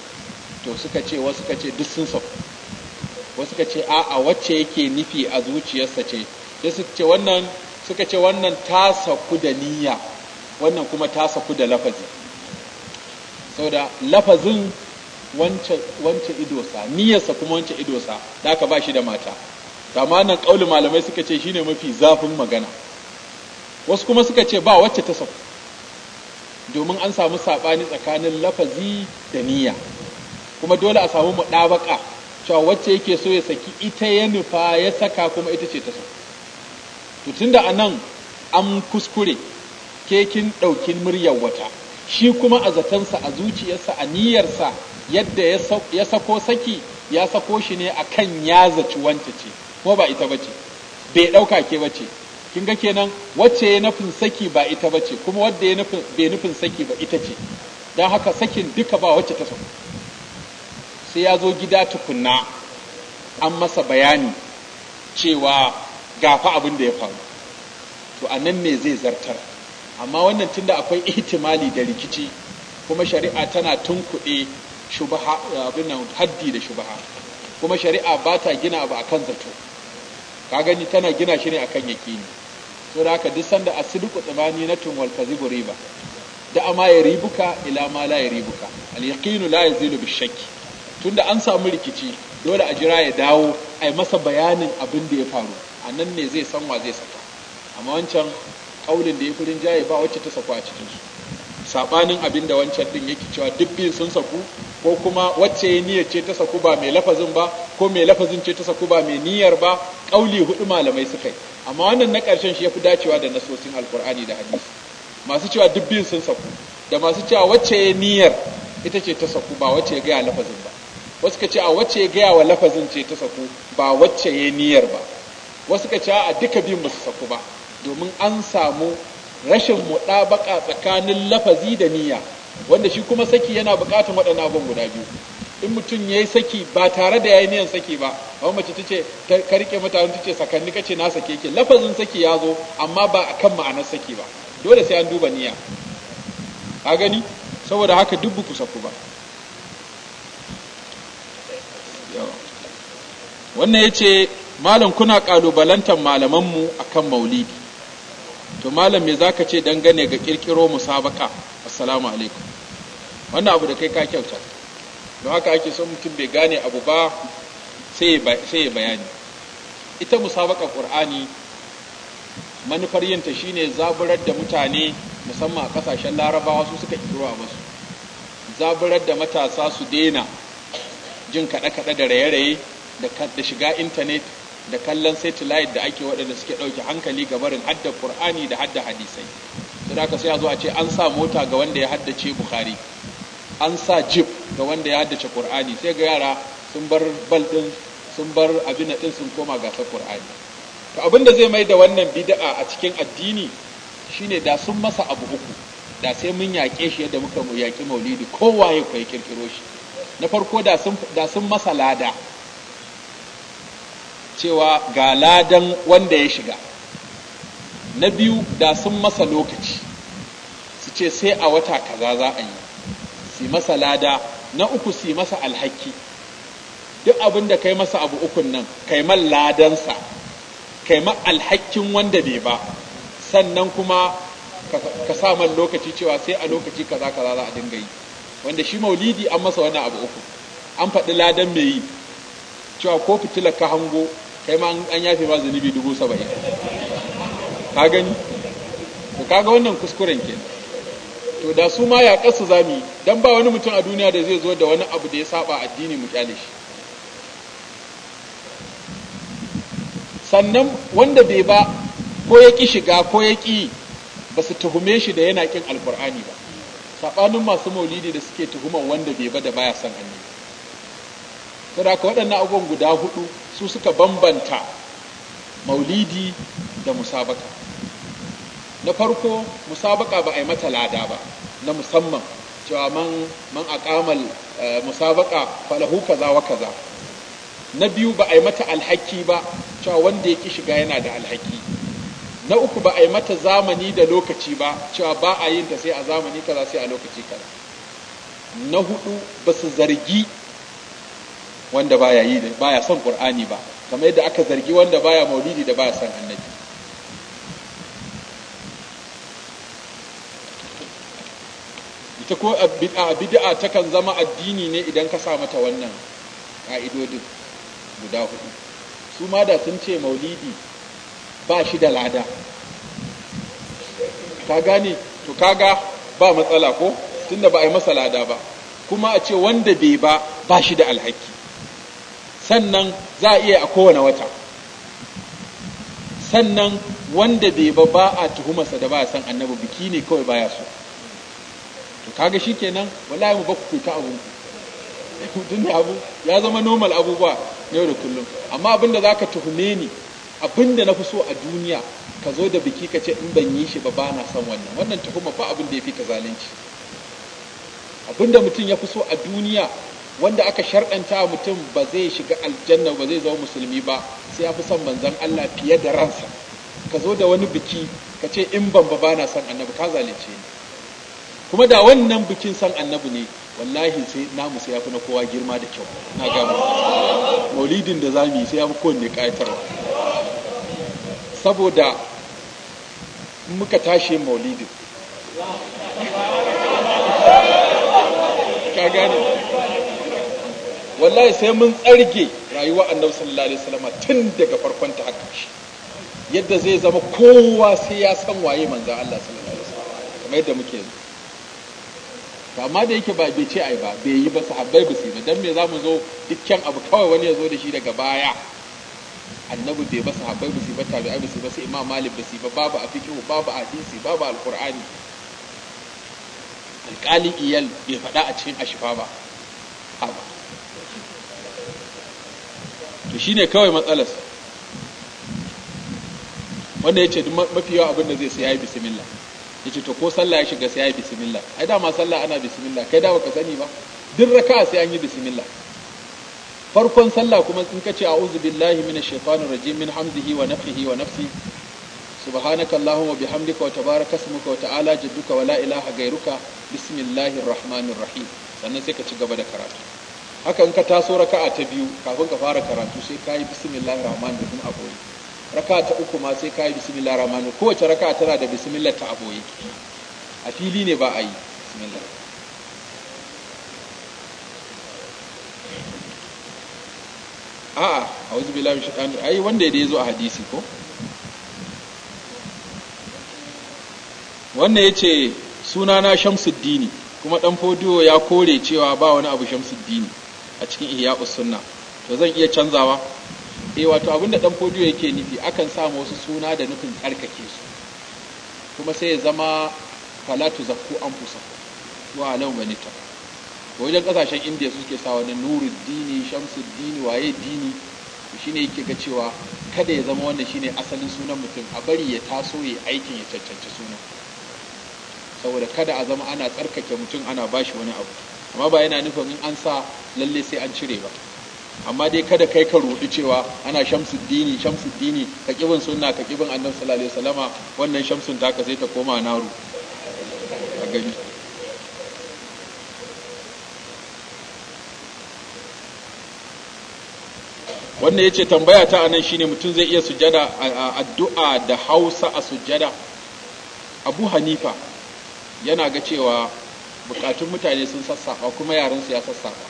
to suka ce wasu suka ce duk sun sauka wasu suka ce a'a wacce yake nufi a zuciyarsa ce sai suka ce wannan suka ce wannan ta saku da niyya wannan kuma ta saku da lafazi saboda lafazin wance idosa niyyarsa kuma wance idosa da aka ba shi da mata amma nan kaulin malamai suka ce shine mafi zafin magana wasu kuma suka ce ba wacce ta saku domin an samu saɓani tsakanin lafazi da niyya kuma dole a samu mu muɗabaka cewa wacce yake so ya saki ita ya nufa ya saka kuma ita ce ta saku to da a nan an kuskure kekin ɗaukin muryar wata shi kuma a zatansa a zuciyarsa a niyyarsa yadda ya sako saki ya sako shi ne a kan ya zaci wanta ce kuma ba ita bace bai ɗauka ke bace kin ga kenan wacce ya nufin saki ba ita bace kuma wadda ya nufin saki ba ita ce don haka sakin duka ba wacce ta sako sai ya zo gida tukunna an masa bayani cewa gafa abin da ya faru to a nan ne zai zartar amma wannan tunda akwai ihtimali da rikici kuma shari'a tana tunkuɗe kuɗe haddi da shubaha kuma shari'a ba ta gina abu a kan zato ka gani tana gina shi ne a akan yakini to da haka duk sanda asidiku tsamani na tun wal kazibu riba da ama ya ribuka ila ma la ya ribuka al la yazilu bi shakki tunda an samu rikici dole a jira ya dawo a ai masa bayanin abin da ya faru a nan ne zai san wa zai saka amma wancan kaulin da ya fi rinjaye ba wacce ta saku a cikin sabanin abin da wancan din yake cewa duk biyun sun saku ko kuma wacce ya niyyar ce ta saku ba mai lafazin ba ko mai lafazin ce ta saku ba mai niyyar ba kauli hudu malamai suka yi amma wannan na karshen shi ya fi dacewa da nasosin alkur'ani da hadisi masu cewa duk biyun sun saku da masu cewa wacce ya niyyar ita ce ta saku ba wacce ya gaya lafazin ba wasu ka ce a wacce ya gaya wa lafazin ce ta saku ba wacce ya niyyar ba wasu ka cewa a duka biyun ba su saku ba domin an samu rashin muɗabaka tsakanin lafazi da niyya wanda shi kuma saki yana buƙatar waɗannan abin guda biyu in mutum ya yi saki ba tare da ya yi niyan saki ba a mace ta ce ka riƙe mutane ta ce sakanni ka ce na sake ke lafazin saki ya zo amma ba a kan ma'anar saki ba dole sai an duba niyya a gani saboda haka duk ku saku ba wannan ya ce malam kuna kalubalantar malamanmu akan maulidi to malam me zaka ce dangane ga kirkiro musabaka assalamu alaikum wannan abu da kai ka kyauta don haka ake son mutum bai gane abu ba sai ya bayani ita musabaka qur'ani manufar yinta shine zaburar da mutane musamman a kasashen larabawa su suka ƙirƙiro a basu zaburar da matasa su daina jin kaɗe-kaɗe da raye-raye da shiga intanet da kallon satellite da ake waɗanda suke ɗauke hankali ga barin hadda Qur'ani da hadda hadisai sai da sai a zo a ce an sa mota ga wanda ya haddace Bukhari an sa jeep ga wanda ya haddace Qur'ani sai ga yara sun bar bal din sun bar abin din sun koma gasar Qur'ani to abin da zai mai da wannan bid'a a cikin addini shine da sun masa abu uku da sai mun yaƙe shi yadda muka mu yaƙi maulidi kowa ya kirkiro shi na farko da da sun masa lada cewa ga ladan wanda ya shiga na biyu da sun masa lokaci su ce sai a wata kaza za a yi su masa lada na uku su masa alhaki duk abin da kai masa abu ukun nan kaiman ladansa kaiman alhakin wanda bai ba sannan kuma ka sa man lokaci cewa sai a lokaci kaza kaza za a dinga yi wanda shi maulidi an masa wannan abu uku an faɗi ladan mai yi cewa ko fitilar ka hango kai ma an yafe ma zunubi dubu saba'in ka gani to kaga wannan kuskuren ke to da su ma ya kasu zami Don ba wani mutum a duniya da zai zo da wani abu da ya saba addini mu kyale shi sannan wanda bai ba ko ya ki shiga ko ya ki ba su tuhume shi da yana kin alkur'ani ba saɓanin masu maulidi da suke tuhuman wanda bai ba da baya son annabi saboda waɗannan abubuwan guda hudu su suka bambanta maulidi da musabaka na farko musabaka ba a yi mata lada ba na musamman cewa man man aqamal eh, musabaka falahu kaza wa kaza na biyu ba a yi mata alhaki ba cewa wanda ya ki shiga yana da alhaki na uku ba a yi mata zamani da lokaci ba cewa ba a yin ta sai a zamani kaza sai a lokaci kaza na hudu ba su zargi wanda baya yi da, baya son qur'ani ba kamar yadda aka zargi wanda baya maulidi da baya son annabi ita ko bid'a bid'a takan zama addini ne idan ka sa mata wannan ka'idodin guda hudu su ma da sun ce maulidi ba shi da lada ka gane to kaga ba matsala ko tunda ba a yi masa lada ba kuma a ce wanda bai ba ba shi da alhaki sannan za a iya a kowane wata sannan wanda bai ba ba a tuhumarsa da ba san annabi biki ne kawai baya so to kaga shi shikenan wallahi mu ba ku abu abun tun abu ya zama normal abubuwa na yau da kullum amma abinda za ka tuhume ni abinda na fi so a duniya ka zo da biki ka ce in ban yi shi ba ba na son wannan wannan tuhuma ba abin da ya fi ka zalunci abinda mutum ya fi so a duniya wanda aka sharɗanta mutum ba zai shiga aljanna ba zai zama musulmi ba sai ya fi son manzan Allah fiye da ransa ka zo da wani biki ka ce in ban ba na son annabi ka zalunce ni kuma da wannan bikin son annabi ne wallahi sai namu sai ya fi na kowa girma da kyau na gama maulidin da za mu yi sai ya fi kowanne ƙayatarwa saboda muka tashi maulidin wallahi sai mun tsarge rayuwar annabi sallallahu alaihi wasallam tun daga farkon ta haka shi yadda zai zama kowa sai ya san waye manzon Allah sallallahu alaihi wasallam kamar yadda muke yanzu to amma da yake ba bai ce ai ba bai yi ba sahabbai ba su ba dan me zamu zo dukkan abu kawai wani ya zo da shi daga baya annabi bai ba sahabbai ba su ba tabi'ai ba su ba sai imam malik ba sai ba babu a fiqhu babu hadisi babu alqur'ani alqali iyal bai faɗa a cikin ashfa ba to ne kawai matsalarsa wanda yace mafi yawa abin zai sai yayi ya ce to ko sallah ya shiga sai yi bismillah ai dama sallah ana bismillah kai da baka sani ba duk raka sai an yi bismillah farkon sallah kuma in kace a'udhu billahi minash shaitanir rajim min hamzihi wa nafthihi wa nafsi subhanaka allahumma bihamdika wa tabaraka ismuka wa ta'ala jadduka wa la ilaha ghairuka bismillahir rahmanir rahim sannan sai ka ci gaba da karatu haka in ka taso raka'a ta biyu kafin ka fara karatu sai ka yi bismillah rahman da a boye raka'a ta uku ma sai ka yi bismillahir rahmanir kowace raka'a tana da bismillah ta a a fili ne ba a yi bismillah a'a a'udhu billahi minash shaitani ai wanda ya zo a hadisi ko wannan suna na Shamsuddini kuma dan fodiyo ya kore cewa ba wani abu Shamsuddini a cikin ihya usunna to zan iya canzawa eh wato abinda dan fodiyo yake nufi akan samu wasu suna da nufin tsarkake su kuma sai ya zama falatu zakku fusa wa alau manita wajen kasashen indiya suke sa wani nurud dini shamsud dini waye dini shine yake ga cewa kada ya zama wannan shine asalin sunan mutum a bari ya taso ya aikin ya cancanci sunan saboda kada a zama ana tsarkake mutum ana bashi wani abu amma ba yana nufin in an sa lalle sai an cire ba amma dai kada kai ka rudi cewa ana shamsuddini shamsuddini ka kibin sunna ka kibin annabi sallallahu alaihi wasallama wannan shamsun taka sai ta koma naru a gani wannan yace tambaya ta anan shine mutum zai iya sujada addu'a da Hausa a sujada Abu Hanifa yana ga cewa bukatun mutane sun sassafa kuma yaran su ya sassafa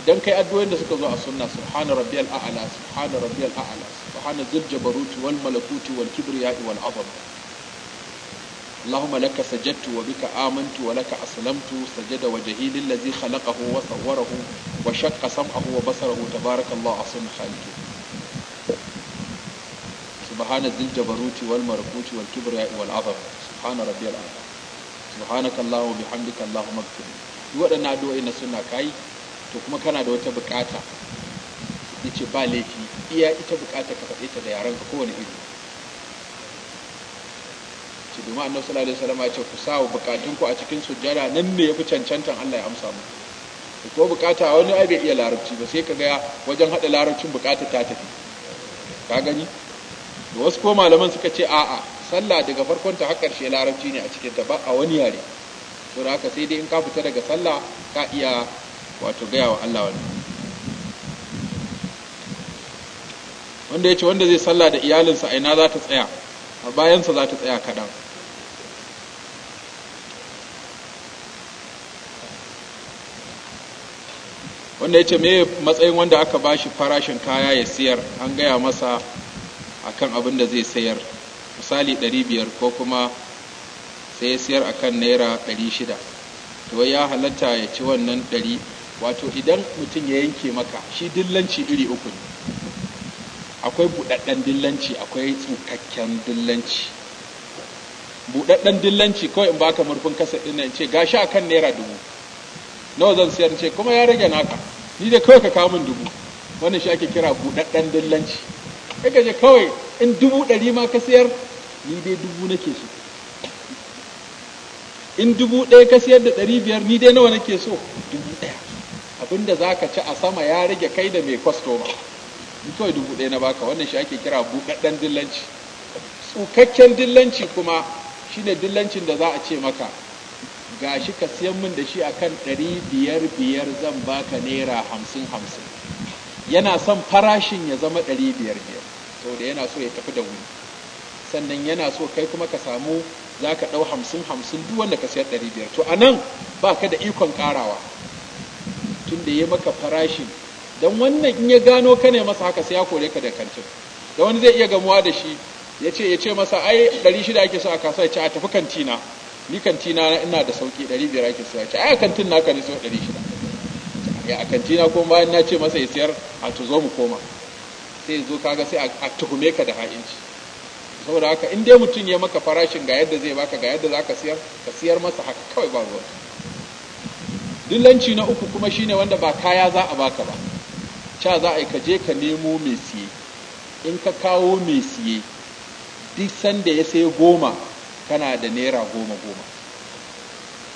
idan kai addu'o'in da suka zo a sunna subhana rabbiyal a'la subhana rabbiyal a'la subhana dhil jabaruti wal malakuti wal kibriya'i wal azama اللهم لك سجدت وبك آمنت ولك أسلمت سجد وجهي للذي خلقه وصوره وشق سمعه وبصره تبارك الله أصم خالقه سبحان ذي الجبروت والمركوت والكبرياء والعظمة سبحان ربي العظيم subhanakallahu bihamdika allahumma ighfirli duk waɗannan addu'o'i na sunna kai to kuma kana da wata bukata yace ba laifi iya ita bukata ka faɗe ta da yaran ka kowane iri ce domin annabi sallallahu alaihi wasallam ya ce ku sawo bukatun ku a cikin sujjada nan ne yafi cancantan Allah ya amsa mu ko bukata wani ai bai iya larabci ba sai ka ga wajen hada larabcin bukata ta tafi ka gani da wasu ko malaman suka ce a'a sallah daga farkon ta har shi larabci ne a cikin ta ba a wani yare to da haka sai dai in ka fita daga sallah ka iya wato gaya wa Allah wani wanda ya ce wanda zai sallah da iyalinsa a ina za ta tsaya a bayansa za ta tsaya kaɗan wanda ya ce me matsayin wanda aka bashi farashin kaya ya siyar an gaya masa akan abin da zai sayar misali 500 ko kuma sai ya siyar a kan naira 600 to ya halatta ya ci wannan 100 wato idan mutum ya yanke maka shi dillanci iri uku ne akwai buɗaɗɗen dillanci akwai tsukakken dillanci buɗaɗɗen dillanci kawai in baka murfin kasa ɗin nan ce gashi a kan naira dubu nawa zan siyar ce kuma ya rage naka ni dai kawai ka kawo min dubu wannan shi ake kira buɗaɗɗen dillanci ka je kawai in dubu ɗari ma ka siyar ni dai dubu nake so in dubu ɗaya ka siyar da ɗari biyar ni dai nawa nake so dubu ɗaya abinda za ka ci a sama ya rage kai da mai kwastoma ni kawai dubu ɗaya na baka wannan shi ake kira buɗaɗɗen dillanci tsukakken dillanci kuma shine dillancin da za a ce maka gashi ka siyan min da shi akan ɗari biyar biyar zan baka naira hamsin hamsin yana son farashin ya zama ɗari biyar biyar saboda yana so ya tafi da wuri sannan yana so kai kuma ka samu za ka ɗau hamsin hamsin duk wanda ka sayar ɗari biyar to a nan ba ka da ikon ƙarawa tun da ya maka farashin don wannan in ya gano ka ne masa haka sai ya kore ka da kantin da wani zai iya gamuwa da shi ya ce ya ce masa ai ɗari shida ake so a kasuwa ya ce a tafi kantina ni kantina ina da sauki ɗari biyar ake so ya ce ai a kantin naka ne sau ɗari shida ya a kantina ko bayan na ce masa ya siyar a to zo mu koma sai zo kaga sai a tuhume ka da ha'inci saboda haka in dai mutum ya maka farashin ga yadda zai baka ga yadda za ka siyar ka siyar masa haka kawai ba ruwa dillanci na uku kuma shine wanda ba kaya za a baka ba ca za a yi ka je ka nemo mai siye in ka kawo mai siye duk sanda ya sai goma kana da naira goma goma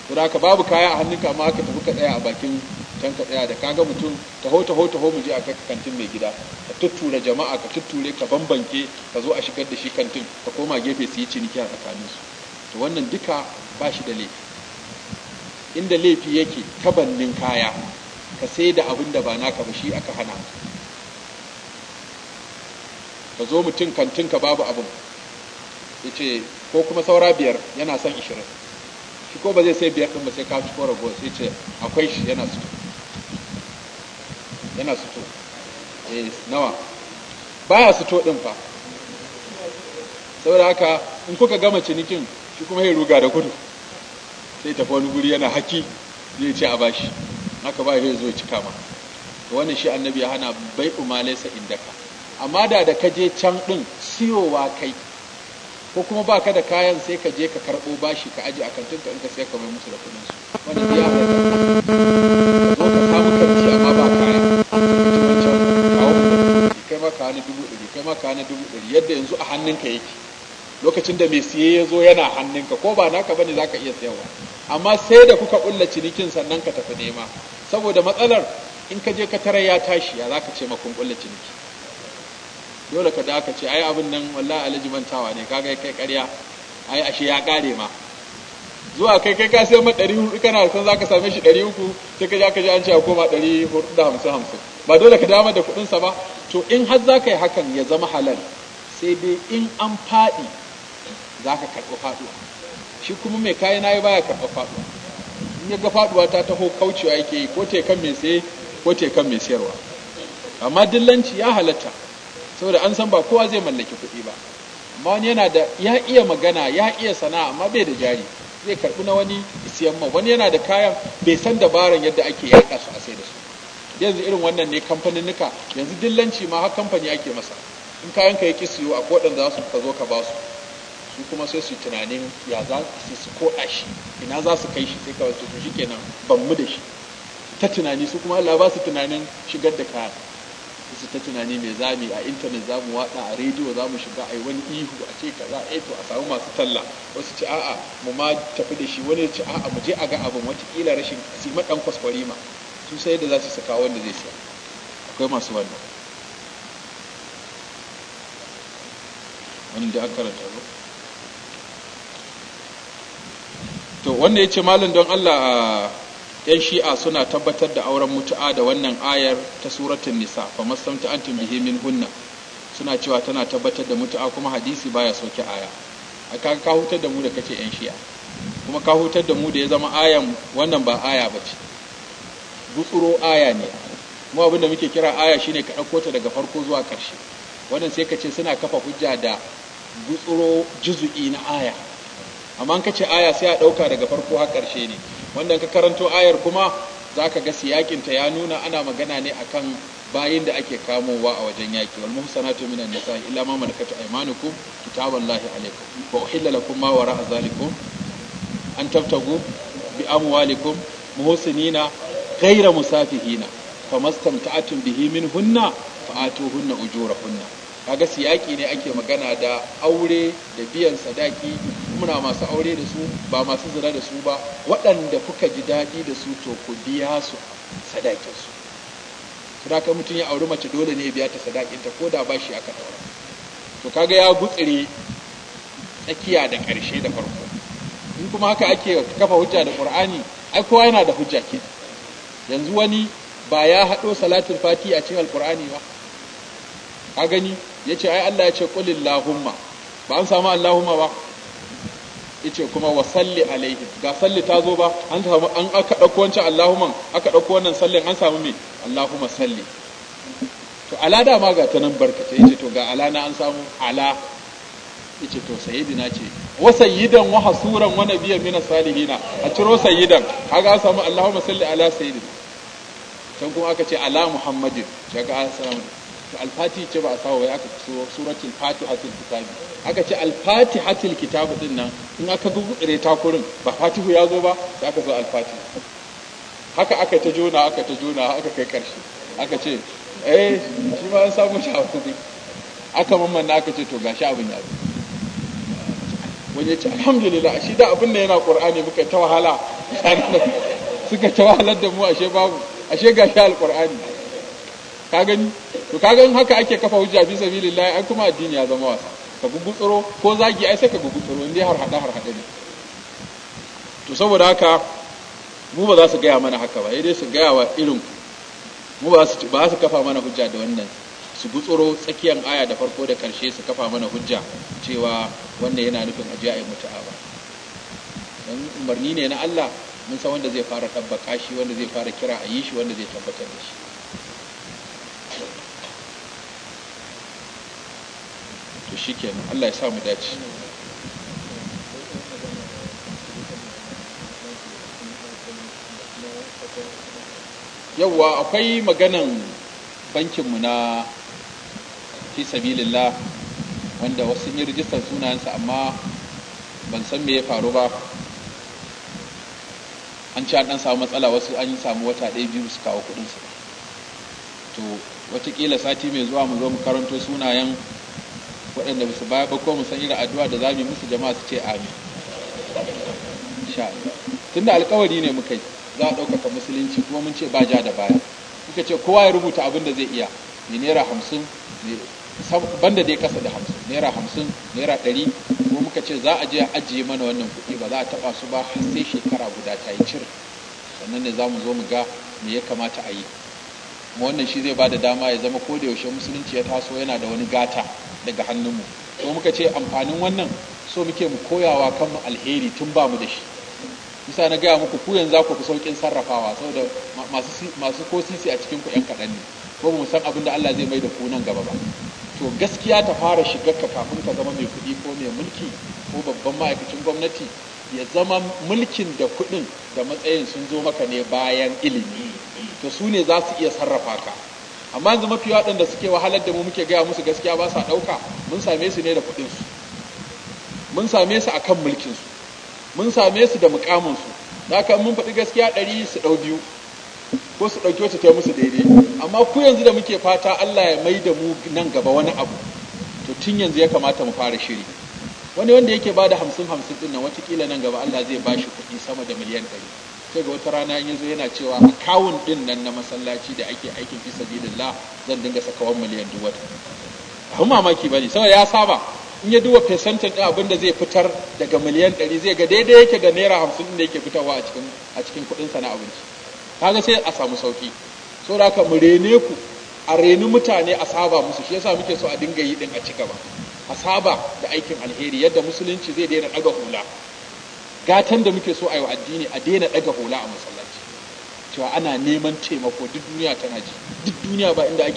saboda haka babu kaya a hannunka amma aka tafi ka tsaya a bakin don ka tsaya da kaga mutum taho taho taho mu je a kai kantin mai gida ka tuttura jama'a ka tutture ka bambanke ka zo a shigar da shi kantin ka koma gefe su yi ciniki a tsakanin su to wannan duka ba shi da laifi inda laifi yake tabannin kaya ka sai da abin da ba naka ba shi aka hana ka zo mutum kantin ka babu abin ya ce ko kuma saura biyar yana son ishirin shi ko ba zai sai biyar ɗin ba sai ka ko rago sai ce akwai shi yana su yana suto eh nawa baya suto din fa saboda haka in kuka gama cinikin shi kuma ya ruga da kudu sai tafi wani guri yana haki zai ce a bashi haka ba zai zo cika ma to wannan shi annabi ya hana bai umalesa indaka amma da da ka je can ɗin siyowa kai ko kuma baka da kayan sai ka je ka karɓo bashi ka aji a kantinka in ka sai ka mai musu da kudin su wannan ya hana dubu ɗari kai ma ka dubu ɗari yadda yanzu a hannunka yake lokacin da mai siye ya zo yana hannunka ko ba naka bane za ka iya sayarwa amma sai da kuka ƙulla cinikin sannan ka tafi nema saboda matsalar in ka je ka tara ya tashi ya za ka ce makon ƙulla ciniki dole ka da aka ce ai abin nan wallahi alhaji mantawa ne kaga kai ƙarya ai ashe ya ƙare ma zuwa kai kai ka sai ma ɗari hudu kana san za ka same shi ɗari uku sai ka je ka ji an ce a koma ɗari hudu da hamsin hamsin ba dole ka dama da kuɗinsa ba to in har za ka yi hakan ya zama halal sai dai in an faɗi za ka karɓi faɗuwa shi kuma mai kayan yi baya karɓa faɗuwa in ya ga faɗuwa ta taho kaucewa yake yi ko te kan mai saye ko te kan mai sayarwa amma dillanci ya halatta saboda an san ba kowa zai mallaki kuɗi ba amma wani yana da ya iya magana ya iya sana'a amma bai da jari zai karɓi na wani siyan ma wani yana da kayan bai san dabaran yadda ake yaƙa su a sai da su yanzu irin wannan ne kamfaninnika yanzu dillanci ma har kamfani ake masa in kayan ka yake siyo a kodan za su ka zo ka ba su su kuma sai su tunanin ya za su su a shi ina za su kai shi sai ka wato shi kenan ban mu da shi ta tunani su kuma Allah ba su tunanin shigar da kaya su ta tunani mai zami a intanet za mu wada a rediyo za mu shiga a yi wani ihu a ce kaza a eh to a samu masu talla wasu ci a'a mu ma tafi da shi wani ci a'a mu je a ga abin watakila rashin si madan kwaskwari ma sun sai da za su saka wanda zai sha akwai masu wannan wani da aka karanta ba to wanda ya ce malin don allah yan shi'a suna tabbatar da auren mutu'a da wannan ayar ta suratun nisa fa masamta tun bihi min hunna suna cewa tana tabbatar da mutu'a kuma hadisi baya soke aya a ka hutar da mu da kace yan shi'a kuma ka hutar da mu da ya zama ayan wannan ba aya ba ce. gutsuro aya ne mu abin da muke kira aya shine ka ɗauko ta daga farko zuwa ƙarshe wannan sai ka ce suna kafa hujja da gutsuro juzu'i na aya amma ka ce aya sai a ɗauka daga farko har ƙarshe ne wannan ka karanto ayar kuma za ka ga ta ya nuna ana magana ne akan bayin da ake kamowa a wajen yaki wal muhsanatu minan nisa illa ma malakatu aymanukum kitaballahi alaykum wa uhilla lakum ma wara'a zalikum an tabtagu bi amwalikum muhsinina ghaira musafihina famastamta'atun bihi hunna ujura ujurahunna kaga siyaki ne ake magana da aure da biyan sadaki muna masu aure da su ba masu zina da su ba waɗanda kuka ji daɗi da su to ku biya su sadakin su sadaka mutum ya auri mace dole ne biya ta sadakin ta ko da ba shi aka daura to kaga ya gutsire tsakiya da ƙarshe da farko in kuma haka ake kafa hujja da Qur'ani ai kowa yana da hujja kenan yanzu wani ba ya haɗo salatul fati a cikin alkur'ani ba a gani ya ce ai Allah ya ce lahumma. ba an samu allahumma ba ce kuma wa salli alaihim ga salli ta zo ba an samu an aka ɗauko wancan allahumman aka ɗauko wannan sallin an samu mai Allahumma salli to ala da ma ga ta nan ya ce to ga ala na an samu ala ce to sayyidina ce wa sayyidan wa hasuran wa nabiyyan min salihina a ciro sayyidan kaga samu Allahumma salli ala sayyidin can kuma aka ce ala muhammadin kaga an samu alfati ce ba a sawa wai aka so suratul fatihatul kitab aka ce alfatihatul kitab din nan in aka gugure kurin ba fatihu ya zo ba sai aka zo alfatihu haka aka ta jona aka ta jona aka kai karshe aka ce eh shi ma an samu shawari aka mamman aka ce to gashi abin ya zo wani ya ce alhamdulillah shi da abin da yana qur'ani muka ta wahala suka ta wahalar da mu ashe babu ashe shi alqur'ani ka gani to ka gani haka ake kafa hujja fi sabilillah ai kuma addini ya zama wasa ka gugutsuro ko zagi ai sai ka gugutsuro indai har hada har hada ne to saboda haka mu ba za su gaya mana haka ba dai su gaya wa irin mu ba su kafa mana hujja da wannan su gutsuro tsakiyar aya da farko da karshe su kafa mana hujja cewa wanda yana nufin aje a mutu mutu'a ba don umarni ne na Allah mun san wanda zai fara tabbaka shi wanda zai fara kira a yi shi wanda zai tabbatar da shi to ke Allah ya sa dace yawwa akwai maganan bankinmu na fi sabilillah wanda wasu yi rijistar sunayensa amma ban san me ya faru ba an ci dan samu matsala wasu an yi samu wata ɗaya biyu su kawo kuɗinsu to watakila sati mai zuwa mu zo mu karanto sunayen waɗanda ba su baya ba ko mu san irin addu'a da za mu yi musu jama'a su ce amin insha tunda alƙawari ne muka yi za a ɗaukaka musulunci kuma mun ce ba ja da baya muka ce kowa ya rubuta abin da zai iya ne naira hamsin banda dai kasa da hamsin naira hamsin naira ɗari ko muka ce za a je a ajiye mana wannan kuɗi ba za a taɓa su ba har sai shekara guda ta yi cire, sannan ne za mu zo mu ga me ya kamata a yi wannan shi zai ba da dama ya zama ko da yaushe musulunci ya taso yana da wani gata daga hannunmu ko muka ce amfanin wannan so muke mu koyawa kanmu alheri tun ba mu da shi bisa na gaya muku ku yanzu za ku fi sauƙin sarrafawa saboda masu ko sisi a cikin ku 'yan kaɗan ne ko mu san abin da Allah zai mai da ku nan gaba ba to gaskiya ta fara shiga ka kafin ka zama mai kuɗi ko mai mulki ko babban ma'aikacin gwamnati ya zama mulkin da kuɗin da matsayin sun zo maka ne bayan ilimi to su ne za su iya sarrafa ka amma yanzu mafi waɗanda suke wahalar da mu muke gaya musu gaskiya ba sa ɗauka mun same su ne da kuɗinsu mun same su akan mulkinsu mun same su da mukamin da haka mun faɗi gaskiya ɗari su ɗau biyu ko su ɗauki wacce ta yi musu daidai amma ku yanzu da muke fata Allah ya mai da mu nan gaba wani abu to tun yanzu ya kamata mu fara shiri wani wanda yake ba da hamsin hamsin ɗin nan watakila nan gaba Allah zai ba shi kuɗi sama da miliyan ɗari sai ga wata rana in yanzu yana cewa akawun ɗin nan na masallaci da ake aikin fi sabilillah zan dinga sakawan miliyan duk wata abin mamaki bane saboda ya saba in ya duba fesantin ɗin abin da zai fitar daga miliyan ɗari zai ga daidai yake da naira hamsin ɗin da yake fitarwa a cikin kuɗinsa na abinci kaga sai a samu sauki saboda haka mu rene ku a reni mutane a saba musu shi yasa muke so a dinga yi din a ci gaba a saba da aikin alheri yadda musulunci zai daina daga hula gatan da muke so a yi wa addini a daina daga hula a masallaci cewa ana neman taimako duk duniya tana ji duk duniya ba inda ake